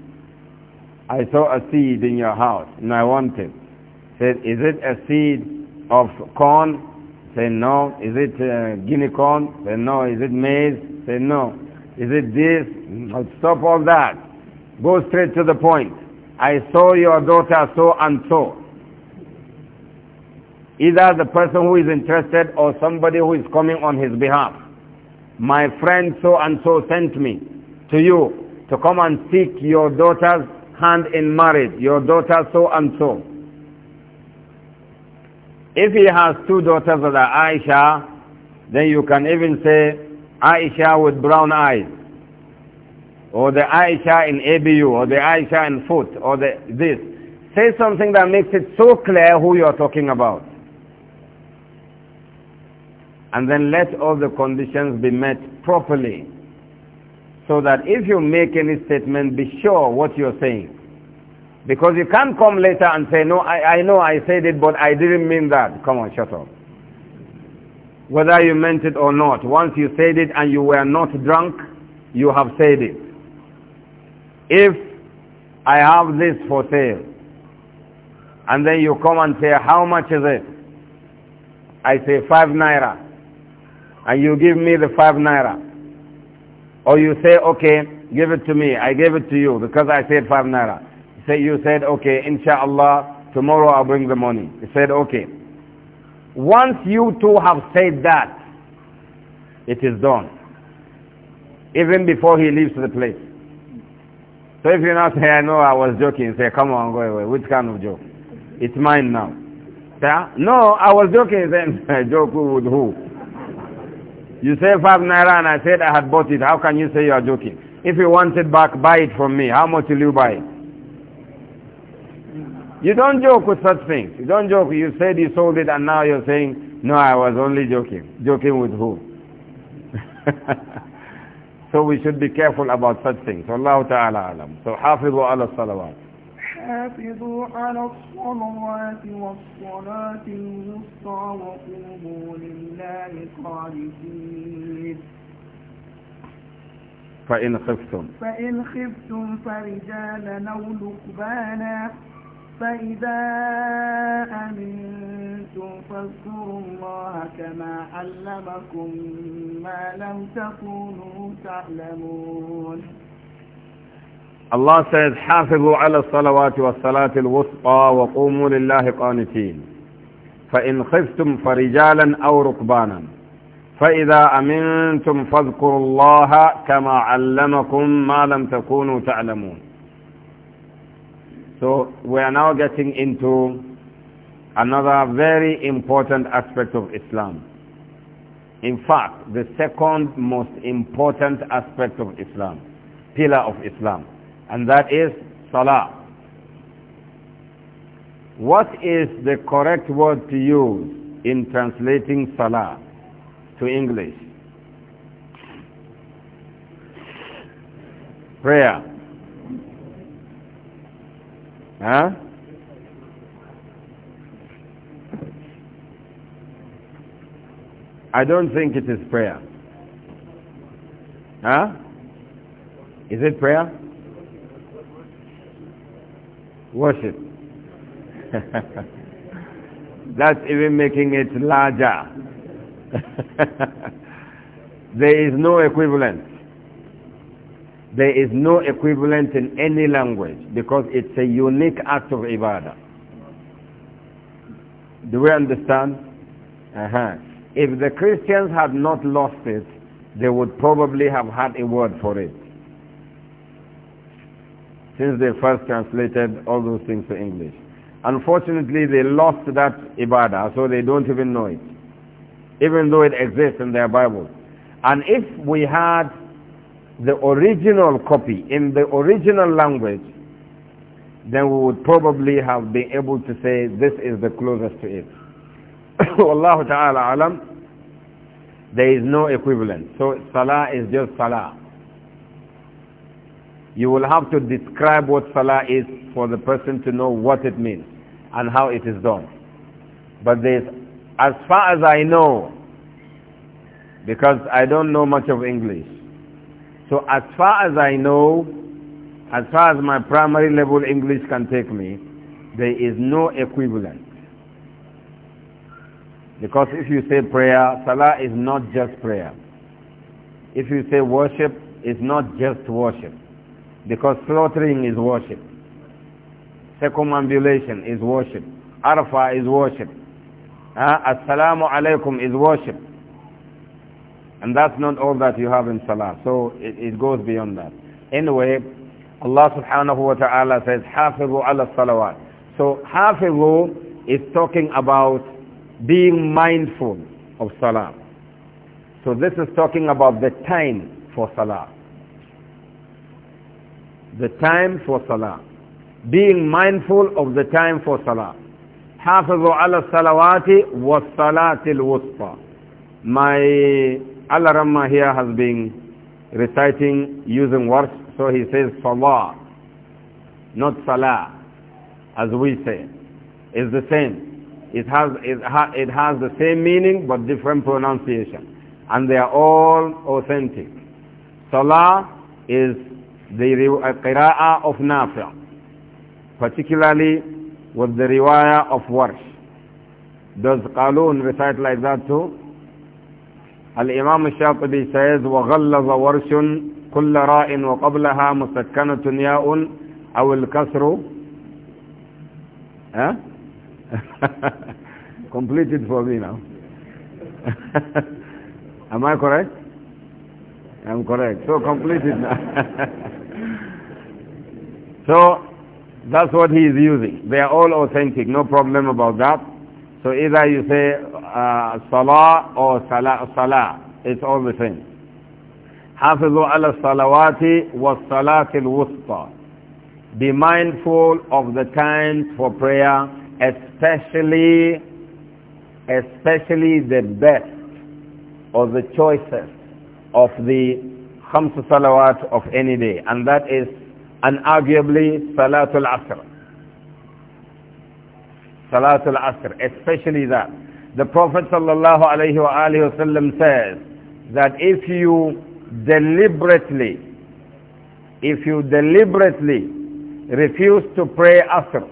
I saw a seed in your house and I want it. Said, is it a seed of corn? Say no. Is it uh, guinea corn? Say no. Is it maize? Say no. Is it this? stop all that. Go straight to the point. I saw your daughter so and so. Either the person who is interested or somebody who is coming on his behalf. My friend so and so sent me to you to come and seek your daughter's hand in marriage, your daughter so and so. If he has two daughters that are Aisha, then you can even say Aisha with brown eyes, or the Aisha in ABU, or the Aisha in foot, or the this. Say something that makes it so clear who you are talking about. And then let all the conditions be met properly so that if you make any statement, be sure what you're saying. Because you can't come later and say, no, I, I know I said it, but I didn't mean that. Come on, shut up. Whether you meant it or not, once you said it and you were not drunk, you have said it. If I have this for sale, and then you come and say, how much is it? I say, five naira. And you give me the five naira. Or you say, okay, give it to me. I gave it to you because I said five naira. Say you said, okay, inshallah, tomorrow I'll bring the money. He said, okay. Once you two have said that, it is done. Even before he leaves the place. So if you now say, I know I was joking, say, come on, go away. Which kind of joke? It's mine now. Say, no, I was joking. Then joke with who? You say five naira and I said I had bought it. How can you say you are joking? If you want it back, buy it from me. How much will you buy it? You don't joke with such things. You don't joke. You said you sold it and now you're saying, no, I was only joking. Joking with who? so we should be careful about such things. Allah ta'ala alam. So حافظوا على الصلوات. حافظوا على الصلوات والصلاة الوسطى وقوموا لله قانتين. فإن خفتم فإن خفتم فرجالا أو ركبانا فإذا أمنتم فاذكروا الله كما علمكم ما لم تكونوا تعلمون الله سيد حافظوا على الصلوات والصلاة الوسطى وقوموا لله قانتين فإن خفتم فرجالا أو ركبانا فإذا أمنتم فاذكروا الله كما علمكم ما لم تكونوا تعلمون So we are now getting into another very important aspect of Islam. In fact, the second most important aspect of Islam, pillar of Islam, and that is Salah. What is the correct word to use in translating Salah to English? Prayer ha I don't think it is prayer huh is it prayer worship that's even making it larger there is no equivalent there is no equivalent in any language because it's a unique act of ibadah. Do we understand? Uh -huh. If the Christians had not lost it, they would probably have had a word for it. Since they first translated all those things to English. Unfortunately, they lost that ibadah, so they don't even know it. Even though it exists in their Bible. And if we had the original copy in the original language, then we would probably have been able to say this is the closest to it. Wallahu ta'ala alam, there is no equivalent. So salah is just salah. You will have to describe what salah is for the person to know what it means and how it is done. But there is, as far as I know, because I don't know much of English, so as far as I know, as far as my primary level English can take me, there is no equivalent. Because if you say prayer, salah is not just prayer. If you say worship, it's not just worship. Because slaughtering is worship. Circumambulation is worship. Arafah is worship. Uh, Assalamu alaykum is worship. And that's not all that you have in salah. So it, it goes beyond that. Anyway, Allah subhanahu wa ta'ala says, حَافِظُوا عَلَى salawat." So حَافِظُوا is talking about being mindful of salah. So this is talking about the time for salah. The time for salah. Being mindful of the time for salah. حافظوا على الصلوات والصلاة الوسطى. My Allah Ramma here has been reciting using words, so he says Salah, not Salah, as we say. It's the same. It has, it, ha, it has the same meaning but different pronunciation. And they are all authentic. Salah is the uh, qira'ah of Nafi', particularly with the riwayah of Warsh. Does Qalun recite like that too? الإمام الشاطبي says وغلظ ورش كل راء وقبلها مسكنة ياء أو الكسر ها completed for me now am I correct I'm correct so completed now so that's what he is using they are all authentic no problem about that so either you say uh, Salah or Salah, Salah. It's all the same. حافظوا على الصلوات والصلاة الوسطى. Be mindful of the times for prayer, especially, especially the best or the choicest of the خمس salawat of any day. And that is unarguably Salatul Asr. Salatul Asr, especially that. The Prophet sallallahu ﷺ says that if you deliberately, if you deliberately refuse to pray Asr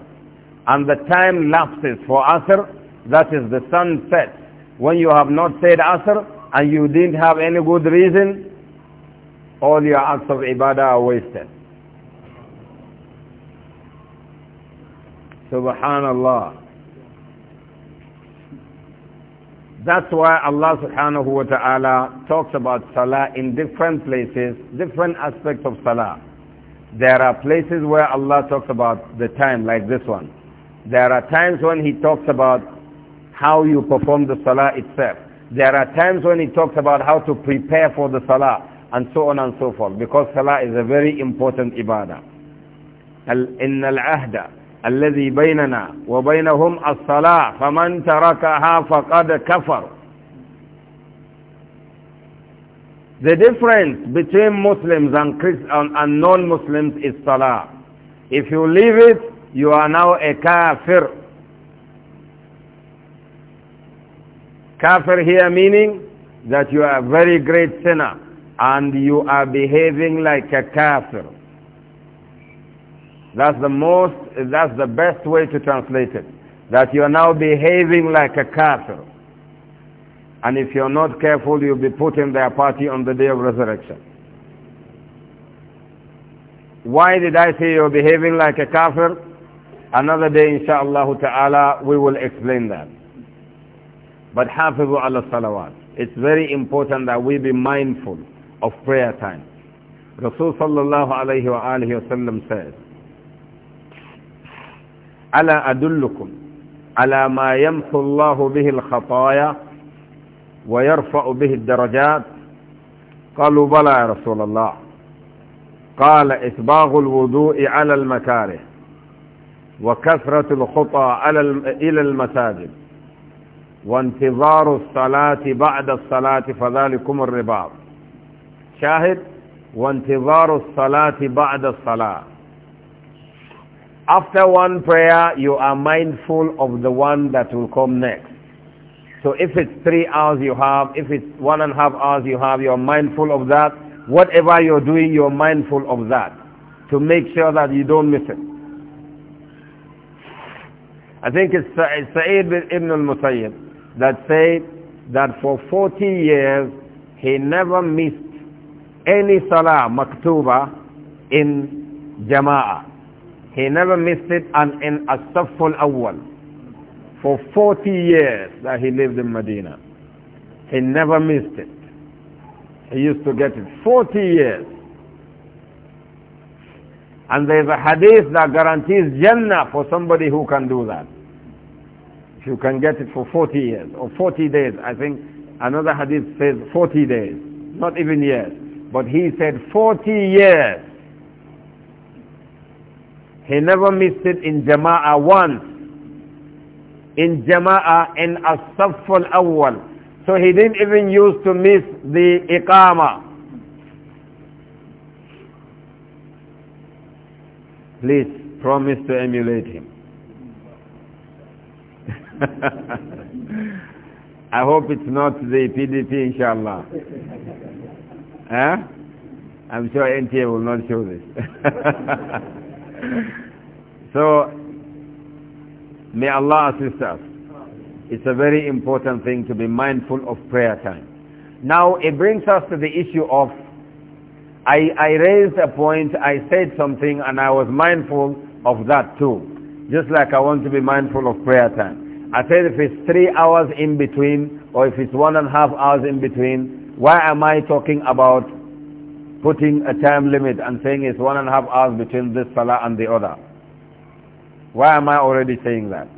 and the time lapses for Asr, that is the sun sets, when you have not said Asr and you didn't have any good reason, all your acts of ibadah are wasted. Subhanallah. That's why Allah subhanahu wa ta'ala talks about salah in different places, different aspects of salah. There are places where Allah talks about the time, like this one. There are times when He talks about how you perform the salah itself. There are times when He talks about how to prepare for the salah, and so on and so forth, because salah is a very important ibadah. إن العهد الذي بيننا وبينهم الصلاة فمن تركها فقد كفر The difference between Muslims and, and non-Muslims is Salah. If you leave it, you are now a kafir. Kafir here meaning that you are a very great sinner and you are behaving like a kafir. That's the most, that's the best way to translate it. That you are now behaving like a kafir. And if you're not careful, you'll be put in their party on the day of resurrection. Why did I say you're behaving like a kafir? Another day, inshaAllah ta'ala, we will explain that. But hafizu ala salawat. It's very important that we be mindful of prayer time. Rasul sallallahu alayhi wa alihi wa sallam says, ألا أدلكم على ما يمحو الله به الخطايا ويرفع به الدرجات قالوا بلى يا رسول الله قال إسباغ الوضوء على المكاره وكثرة الخطى على إلى المساجد وانتظار الصلاة بعد الصلاة فذلكم الرباط شاهد وانتظار الصلاة بعد الصلاة After one prayer, you are mindful of the one that will come next. So if it's three hours you have, if it's one and a half hours you have, you're mindful of that. Whatever you're doing, you're mindful of that to make sure that you don't miss it. I think it's Sa'id ibn al-Musayyib that said that for 40 years he never missed any salah maktuba in jama'ah. He never missed it and in As-Safful Awwal for 40 years that he lived in Medina. He never missed it. He used to get it 40 years. And there is a hadith that guarantees Jannah for somebody who can do that. If you can get it for 40 years or 40 days, I think another hadith says 40 days, not even years. But he said 40 years he never missed it in Jama'ah once. In Jama'ah in As-Saffal Awwal. So he didn't even use to miss the Iqama. Please promise to emulate him. I hope it's not the PDP, inshallah. eh? I'm sure NTA will not show this. So, may Allah assist us. It's a very important thing to be mindful of prayer time. Now, it brings us to the issue of, I, I raised a point, I said something, and I was mindful of that too. Just like I want to be mindful of prayer time. I said if it's three hours in between, or if it's one and a half hours in between, why am I talking about putting a time limit and saying it's one and a half hours between this salah and the other? Why am I already saying that?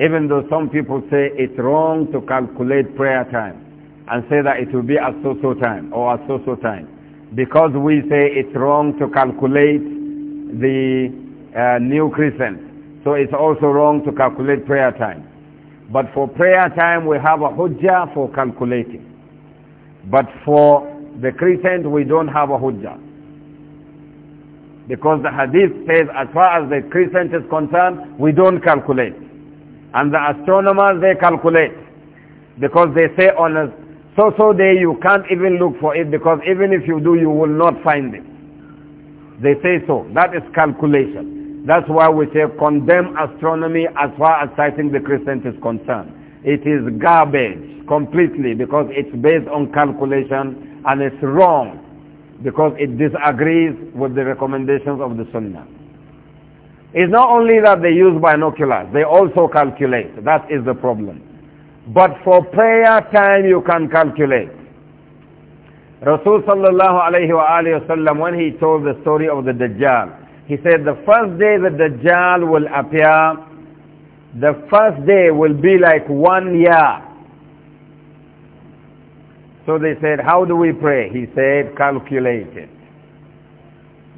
Even though some people say it's wrong to calculate prayer time and say that it will be at so-so time or at so-so time. Because we say it's wrong to calculate the uh, new crescent. So it's also wrong to calculate prayer time. But for prayer time, we have a hujjah for calculating. But for the crescent, we don't have a hujjah. Because the hadith says as far as the crescent is concerned, we don't calculate. And the astronomers, they calculate. Because they say on a so-so day you can't even look for it because even if you do, you will not find it. They say so. That is calculation. That's why we say condemn astronomy as far as citing the crescent is concerned. It is garbage completely because it's based on calculation and it's wrong because it disagrees with the recommendations of the Sunnah. It's not only that they use binoculars, they also calculate. That is the problem. But for prayer time you can calculate. Rasul sallallahu alayhi wa when he told the story of the Dajjal, he said the first day the Dajjal will appear, the first day will be like one year so they said, how do we pray? He said, calculate it.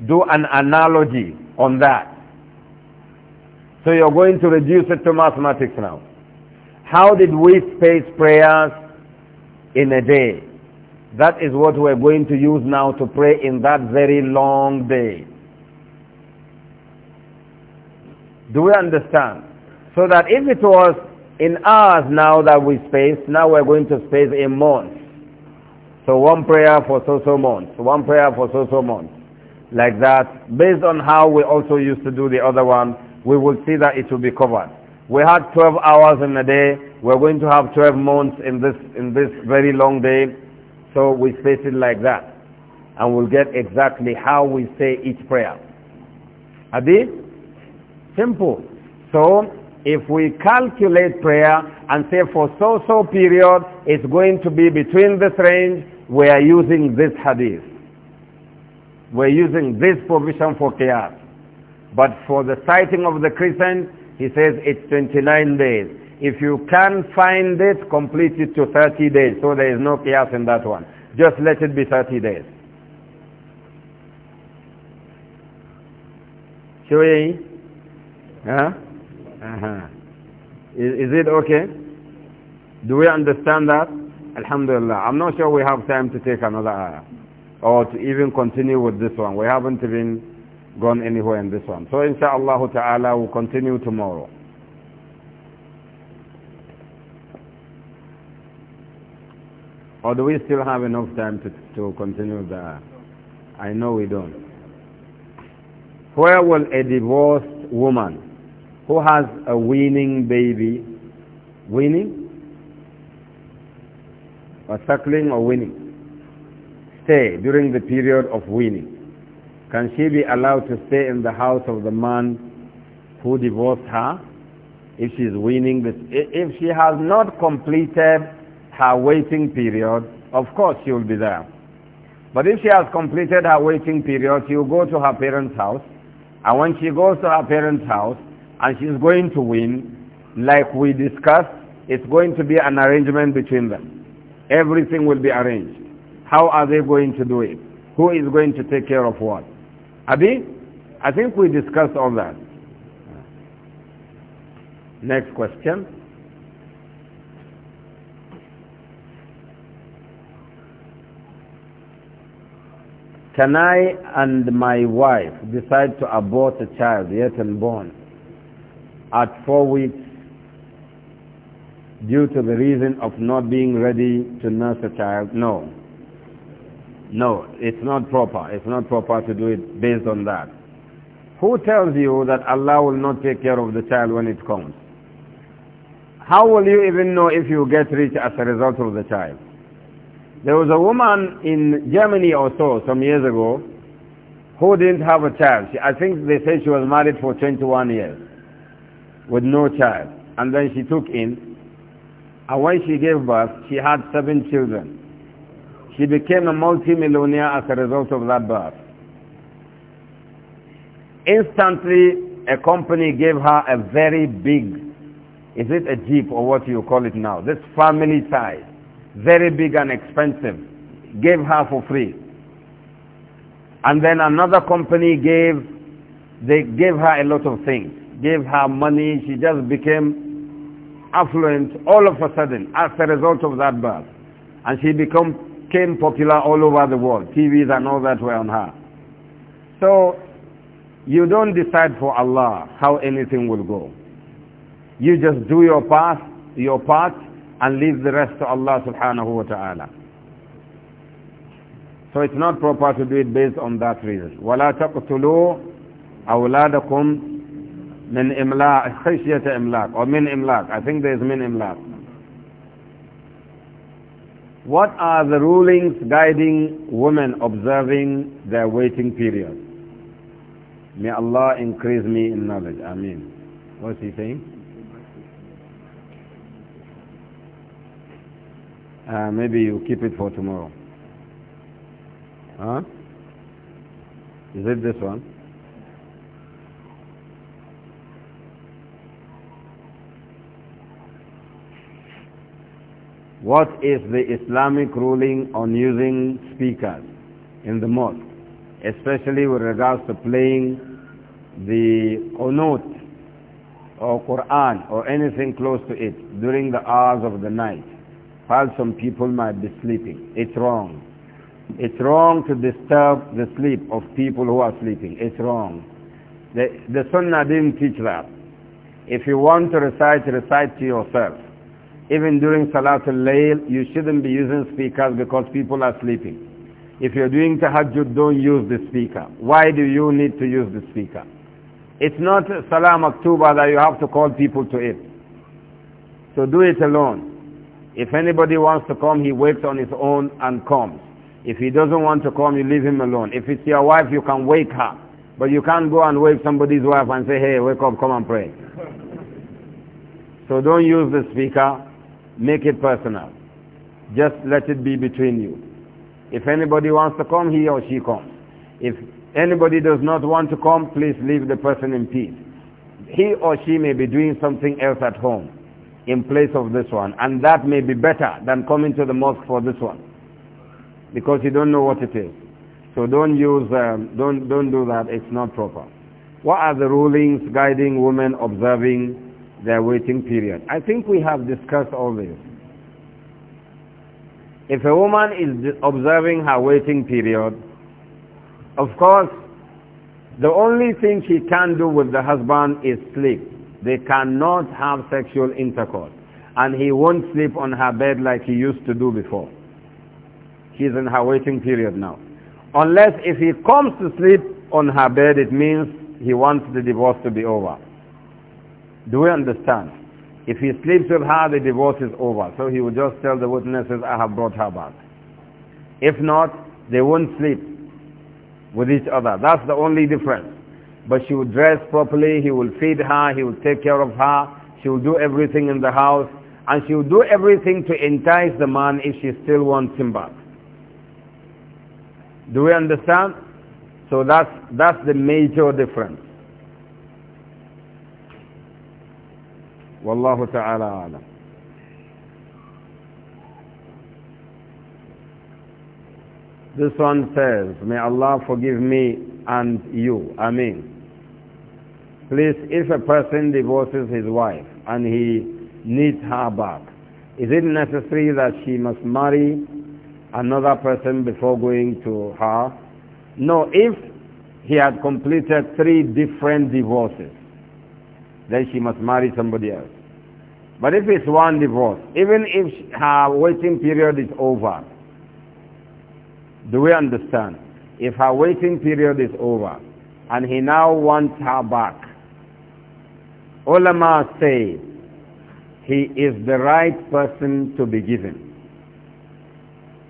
Do an analogy on that. So you're going to reduce it to mathematics now. How did we space prayers in a day? That is what we're going to use now to pray in that very long day. Do we understand? So that if it was in hours now that we space, now we're going to space in months. So one prayer for so-so months, one prayer for so-so months, like that. Based on how we also used to do the other one, we will see that it will be covered. We had 12 hours in a day. We're going to have 12 months in this, in this very long day. So we space it like that. And we'll get exactly how we say each prayer. Abi? Simple. So if we calculate prayer and say for so-so period, it's going to be between this range we are using this hadith. We're using this provision for qiyas. But for the sighting of the crescent, he says it's 29 days. If you can find it, complete it to 30 days. So there is no qiyas in that one. Just let it be 30 days. Shoei? Huh? Uh-huh. Is, is it okay? Do we understand that? Alhamdulillah. I'm not sure we have time to take another ayah or to even continue with this one. We haven't even gone anywhere in this one. So inshallah ta'ala we'll continue tomorrow. Or do we still have enough time to, to continue the... I know we don't. Where will a divorced woman who has a weaning baby, weaning? or suckling or winning. stay during the period of weaning? Can she be allowed to stay in the house of the man who divorced her if she is weaning? This, if she has not completed her waiting period, of course she will be there. But if she has completed her waiting period, she will go to her parents' house. And when she goes to her parents' house and she is going to win, like we discussed, it's going to be an arrangement between them. Everything will be arranged. How are they going to do it? Who is going to take care of what? Abi, I think we discussed all that. Next question. Can I and my wife decide to abort a child yet unborn at four weeks due to the reason of not being ready to nurse a child. No. No, it's not proper. It's not proper to do it based on that. Who tells you that Allah will not take care of the child when it comes? How will you even know if you get rich as a result of the child? There was a woman in Germany or so some years ago who didn't have a child. She, I think they said she was married for 21 years with no child. And then she took in and when she gave birth, she had seven children. She became a multimillionaire as a result of that birth. Instantly, a company gave her a very big, is it a jeep or what you call it now? This family size, very big and expensive, gave her for free. And then another company gave, they gave her a lot of things, gave her money, she just became affluent all of a sudden as a result of that birth. And she become, became popular all over the world. TVs and all that were on her. So you don't decide for Allah how anything will go. You just do your part, your part and leave the rest to Allah subhanahu wa ta'ala. So it's not proper to do it based on that reason. وَلَا تَقْتُلُوا أَوْلَادَكُمْ من إملاق خشية إملاق or من إملاق I think there is من إملاق What are the rulings guiding women observing their waiting period? May Allah increase me in knowledge. Ameen. What's he saying? Uh, maybe you keep it for tomorrow. Huh? Is it this one? What is the Islamic ruling on using speakers in the mosque, especially with regards to playing the qunut or Quran or anything close to it during the hours of the night while some people might be sleeping. It's wrong. It's wrong to disturb the sleep of people who are sleeping. It's wrong. The, the Sunnah didn't teach that. If you want to recite, recite to yourself. Even during Salatul Layl, you shouldn't be using speakers because people are sleeping. If you're doing tahajjud, don't use the speaker. Why do you need to use the speaker? It's not Salah Maktuba that you have to call people to it. So do it alone. If anybody wants to come, he waits on his own and comes. If he doesn't want to come, you leave him alone. If it's your wife, you can wake her. But you can't go and wake somebody's wife and say, hey, wake up, come and pray. So don't use the speaker make it personal. Just let it be between you. If anybody wants to come, he or she comes. If anybody does not want to come, please leave the person in peace. He or she may be doing something else at home in place of this one, and that may be better than coming to the mosque for this one because you don't know what it is. So don't use, um, don't, don't do that. It's not proper. What are the rulings guiding women observing their waiting period. I think we have discussed all this. If a woman is observing her waiting period, of course, the only thing she can do with the husband is sleep. They cannot have sexual intercourse. And he won't sleep on her bed like he used to do before. She's in her waiting period now. Unless if he comes to sleep on her bed, it means he wants the divorce to be over. Do we understand? If he sleeps with her, the divorce is over. So he will just tell the witnesses, I have brought her back. If not, they won't sleep with each other. That's the only difference. But she will dress properly, he will feed her, he will take care of her, she will do everything in the house, and she will do everything to entice the man if she still wants him back. Do we understand? So that's, that's the major difference. Wallahu ta'ala This one says, May Allah forgive me and you. Amen. Please, if a person divorces his wife and he needs her back, is it necessary that she must marry another person before going to her? No, if he had completed three different divorces, then she must marry somebody else. But if it's one divorce, even if her waiting period is over, do we understand? If her waiting period is over and he now wants her back, ulama say he is the right person to be given.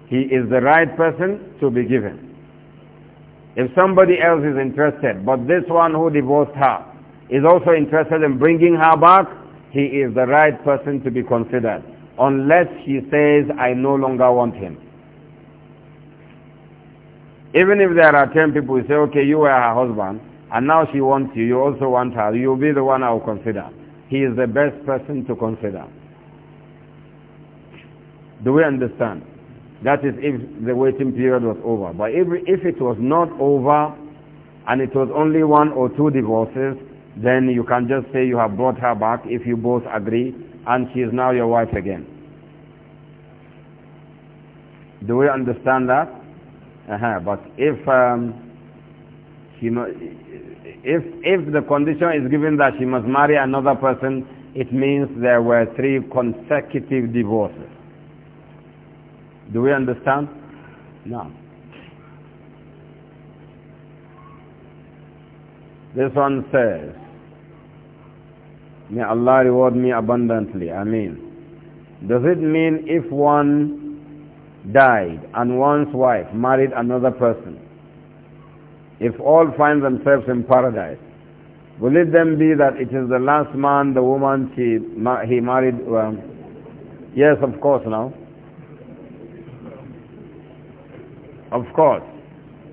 He is the right person to be given. If somebody else is interested, but this one who divorced her is also interested in bringing her back, he is the right person to be considered. Unless she says, I no longer want him. Even if there are 10 people who say, okay, you were her husband, and now she wants you, you also want her, you'll be the one I will consider. He is the best person to consider. Do we understand? That is if the waiting period was over. But if, if it was not over, and it was only one or two divorces, then you can just say you have brought her back if you both agree and she is now your wife again. Do we understand that? Uh -huh. But if um, she if if the condition is given that she must marry another person, it means there were three consecutive divorces. Do we understand? No. This one says, May Allah reward me abundantly. Ameen. Does it mean if one died and one's wife married another person, if all find themselves in paradise, will it then be that it is the last man, the woman she, he married? Well, yes, of course now. Of course.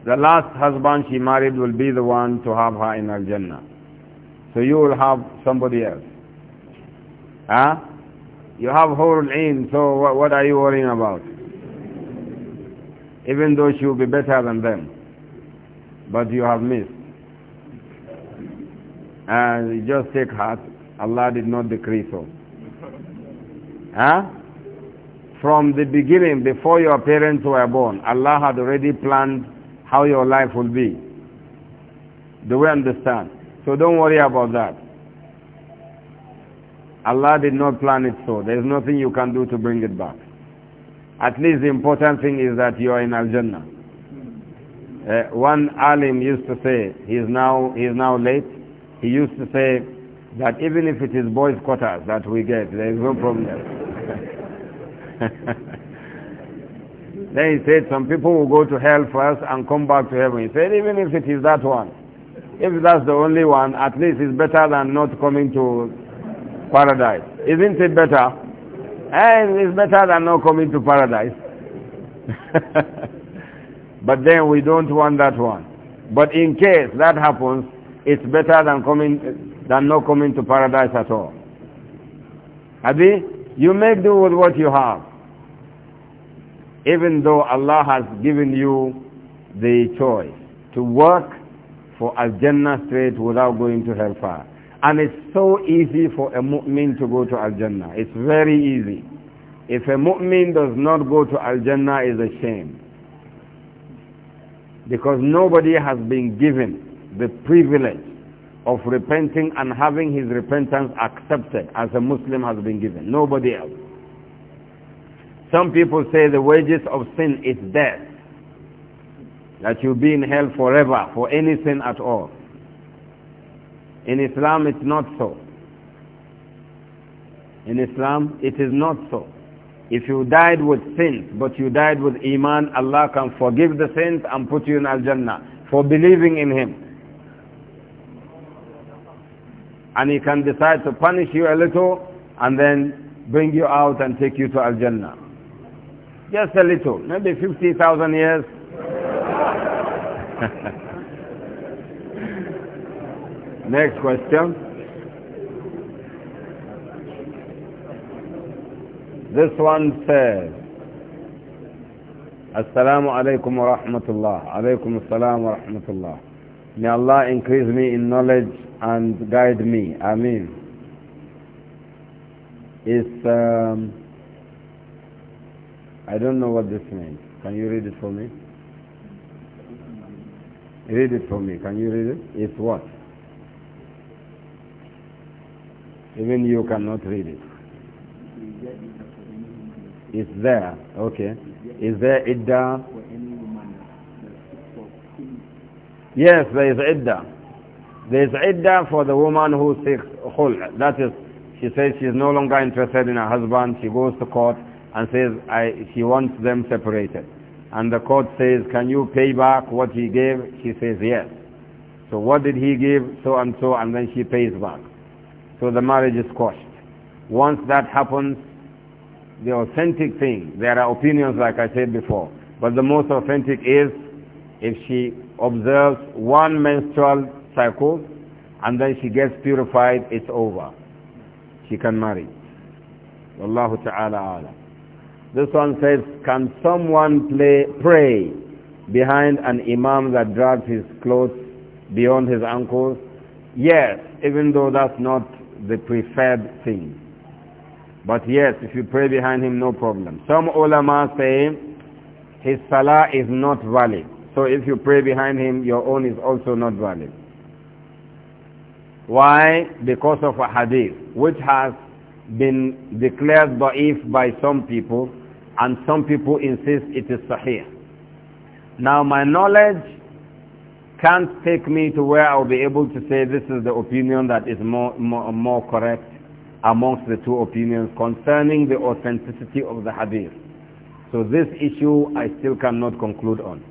The last husband she married will be the one to have her in Al-Jannah. So you will have somebody else. Huh? You have whole in. so what, what are you worrying about? Even though she will be better than them. But you have missed. And just take heart, Allah did not decree so. Huh? From the beginning, before your parents were born, Allah had already planned how your life will be. Do we understand? So don't worry about that. Allah did not plan it so. There is nothing you can do to bring it back. At least the important thing is that you are in Al-Jannah. Uh, one alim used to say, he is, now, he is now late, he used to say that even if it is boys' quarters that we get, there is no problem. then he said, some people will go to hell first and come back to heaven. He said, even if it is that one, if that's the only one, at least it's better than not coming to paradise. Isn't it better? And it's better than not coming to paradise. but then we don't want that one. But in case that happens, it's better than coming than not coming to paradise at all. Abi, you make do with what you have. Even though Allah has given you the choice to work for Al-Jannah straight without going to hellfire. And it's so easy for a mu'min to go to Al-Jannah. It's very easy. If a mu'min does not go to Al-Jannah, a shame. Because nobody has been given the privilege of repenting and having his repentance accepted as a Muslim has been given. Nobody else. Some people say the wages of sin is death that you'll be in hell forever for anything at all. In Islam, it's not so. In Islam, it is not so. If you died with sins, but you died with Iman, Allah can forgive the sins and put you in Al-Jannah for believing in Him. And He can decide to punish you a little and then bring you out and take you to Al-Jannah. Just a little, maybe 50,000 years, Next question. This one says, Assalamu alaikum wa rahmatullah. Alaykum assalam wa rahmatullah. May Allah increase me in knowledge and guide me. Ameen. It's, um, I don't know what this means. Can you read it for me? Read it for me. Can you read it? It's what? Even you cannot read it. It's there. Okay. Is there idda? Yes, there is idda. There is idda for the woman who seeks khul. That is, she says she is no longer interested in her husband. She goes to court and says I, she wants them separated and the court says, can you pay back what he gave? She says, yes. So what did he give? So and so, and then she pays back. So the marriage is quashed. Once that happens, the authentic thing, there are opinions like I said before, but the most authentic is if she observes one menstrual cycle and then she gets purified, it's over. She can marry. Wallahu ta'ala alam. This one says, can someone play, pray behind an imam that drags his clothes beyond his ankles? Yes, even though that's not the preferred thing. But yes, if you pray behind him, no problem. Some ulama say his salah is not valid. So if you pray behind him, your own is also not valid. Why? Because of a hadith, which has been declared da'if by some people and some people insist it is sahih. Now my knowledge can't take me to where I'll be able to say this is the opinion that is more, more, more correct amongst the two opinions concerning the authenticity of the hadith. So this issue I still cannot conclude on.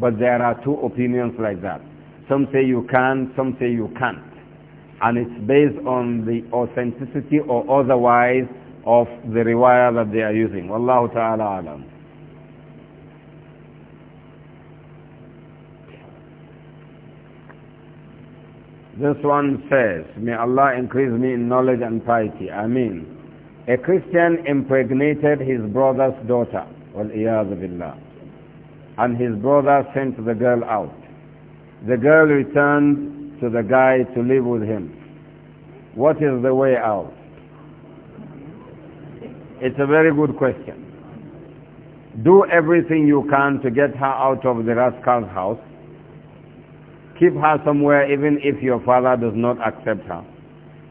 But there are two opinions like that. Some say you can, some say you can't and it's based on the authenticity or otherwise of the rewire that they are using. Wallahu ta'ala alam. This one says, May Allah increase me in knowledge and piety. I mean, a Christian impregnated his brother's daughter, billah, and his brother sent the girl out. The girl returned to the guy to live with him. What is the way out? It's a very good question. Do everything you can to get her out of the rascal's house. Keep her somewhere even if your father does not accept her.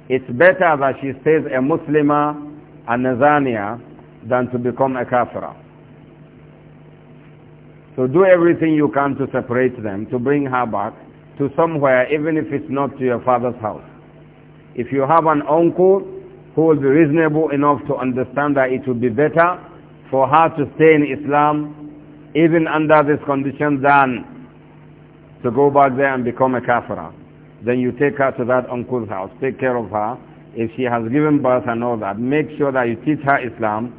It's better that she stays a Muslimah a Nazania, than to become a Kafra. So do everything you can to separate them, to bring her back to somewhere, even if it's not to your father's house. If you have an uncle who will be reasonable enough to understand that it would be better for her to stay in Islam, even under this condition, than to go back there and become a kafira. Then you take her to that uncle's house, take care of her. If she has given birth and all that, make sure that you teach her Islam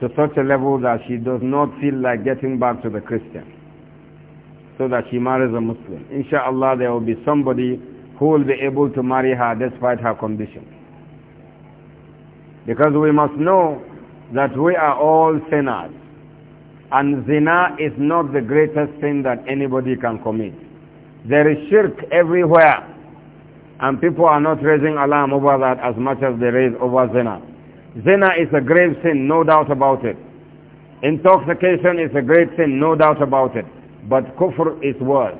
to such a level that she does not feel like getting back to the Christian so that she marries a Muslim. Inshallah, there will be somebody who will be able to marry her despite her condition. Because we must know that we are all sinners. And zina is not the greatest sin that anybody can commit. There is shirk everywhere. And people are not raising alarm over that as much as they raise over zina. Zina is a grave sin, no doubt about it. Intoxication is a great sin, no doubt about it. But kufr is worse.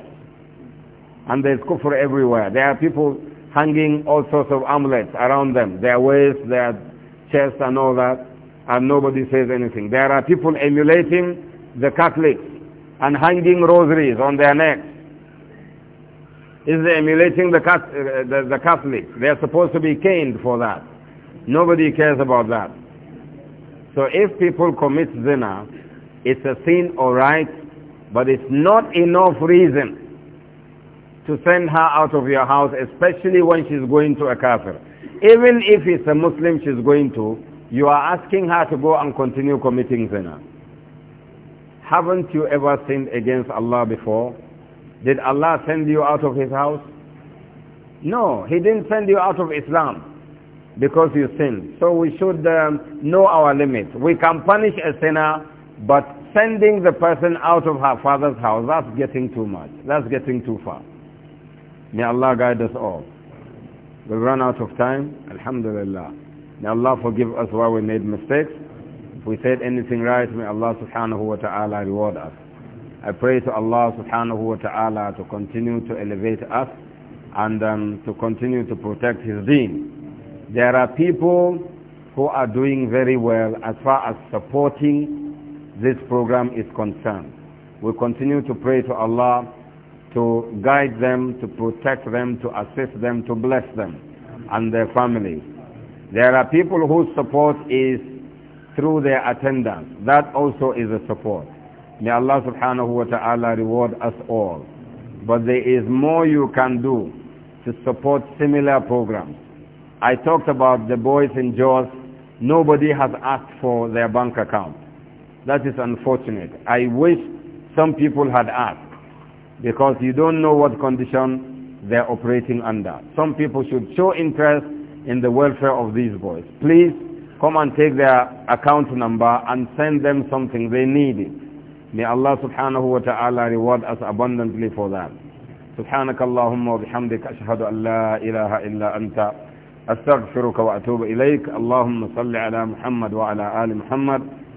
And there's kufr everywhere. There are people hanging all sorts of amulets around them, their waist, their chest, and all that, and nobody says anything. There are people emulating the Catholics and hanging rosaries on their necks. Is they emulating uh, the, the Catholics? They're supposed to be caned for that. Nobody cares about that. So if people commit zina, it's a sin all right but it's not enough reason to send her out of your house, especially when she's going to a kafir. Even if it's a Muslim she's going to, you are asking her to go and continue committing zina. Haven't you ever sinned against Allah before? Did Allah send you out of his house? No, he didn't send you out of Islam because you sinned. So we should um, know our limit. We can punish a sinner, but sending the person out of her father's house, that's getting too much. That's getting too far. May Allah guide us all. We've run out of time. Alhamdulillah. May Allah forgive us while we made mistakes. If we said anything right, may Allah subhanahu wa ta'ala reward us. I pray to Allah subhanahu wa ta'ala to continue to elevate us and um, to continue to protect his deen. There are people who are doing very well as far as supporting this program is concerned. We continue to pray to Allah to guide them, to protect them, to assist them, to bless them and their families. There are people whose support is through their attendance. That also is a support. May Allah subhanahu wa ta'ala reward us all. But there is more you can do to support similar programs. I talked about the boys in Jaws. Nobody has asked for their bank account. That is unfortunate. I wish some people had asked because you don't know what condition they're operating under. Some people should show interest in the welfare of these boys. Please come and take their account number and send them something. They need it. May Allah subhanahu wa ta'ala reward us abundantly for that. سبحانك اللهم وبحمدك أشهد أن لا إله إلا أنت أستغفرك وأتوب إليك اللهم صل على محمد وعلى آل محمد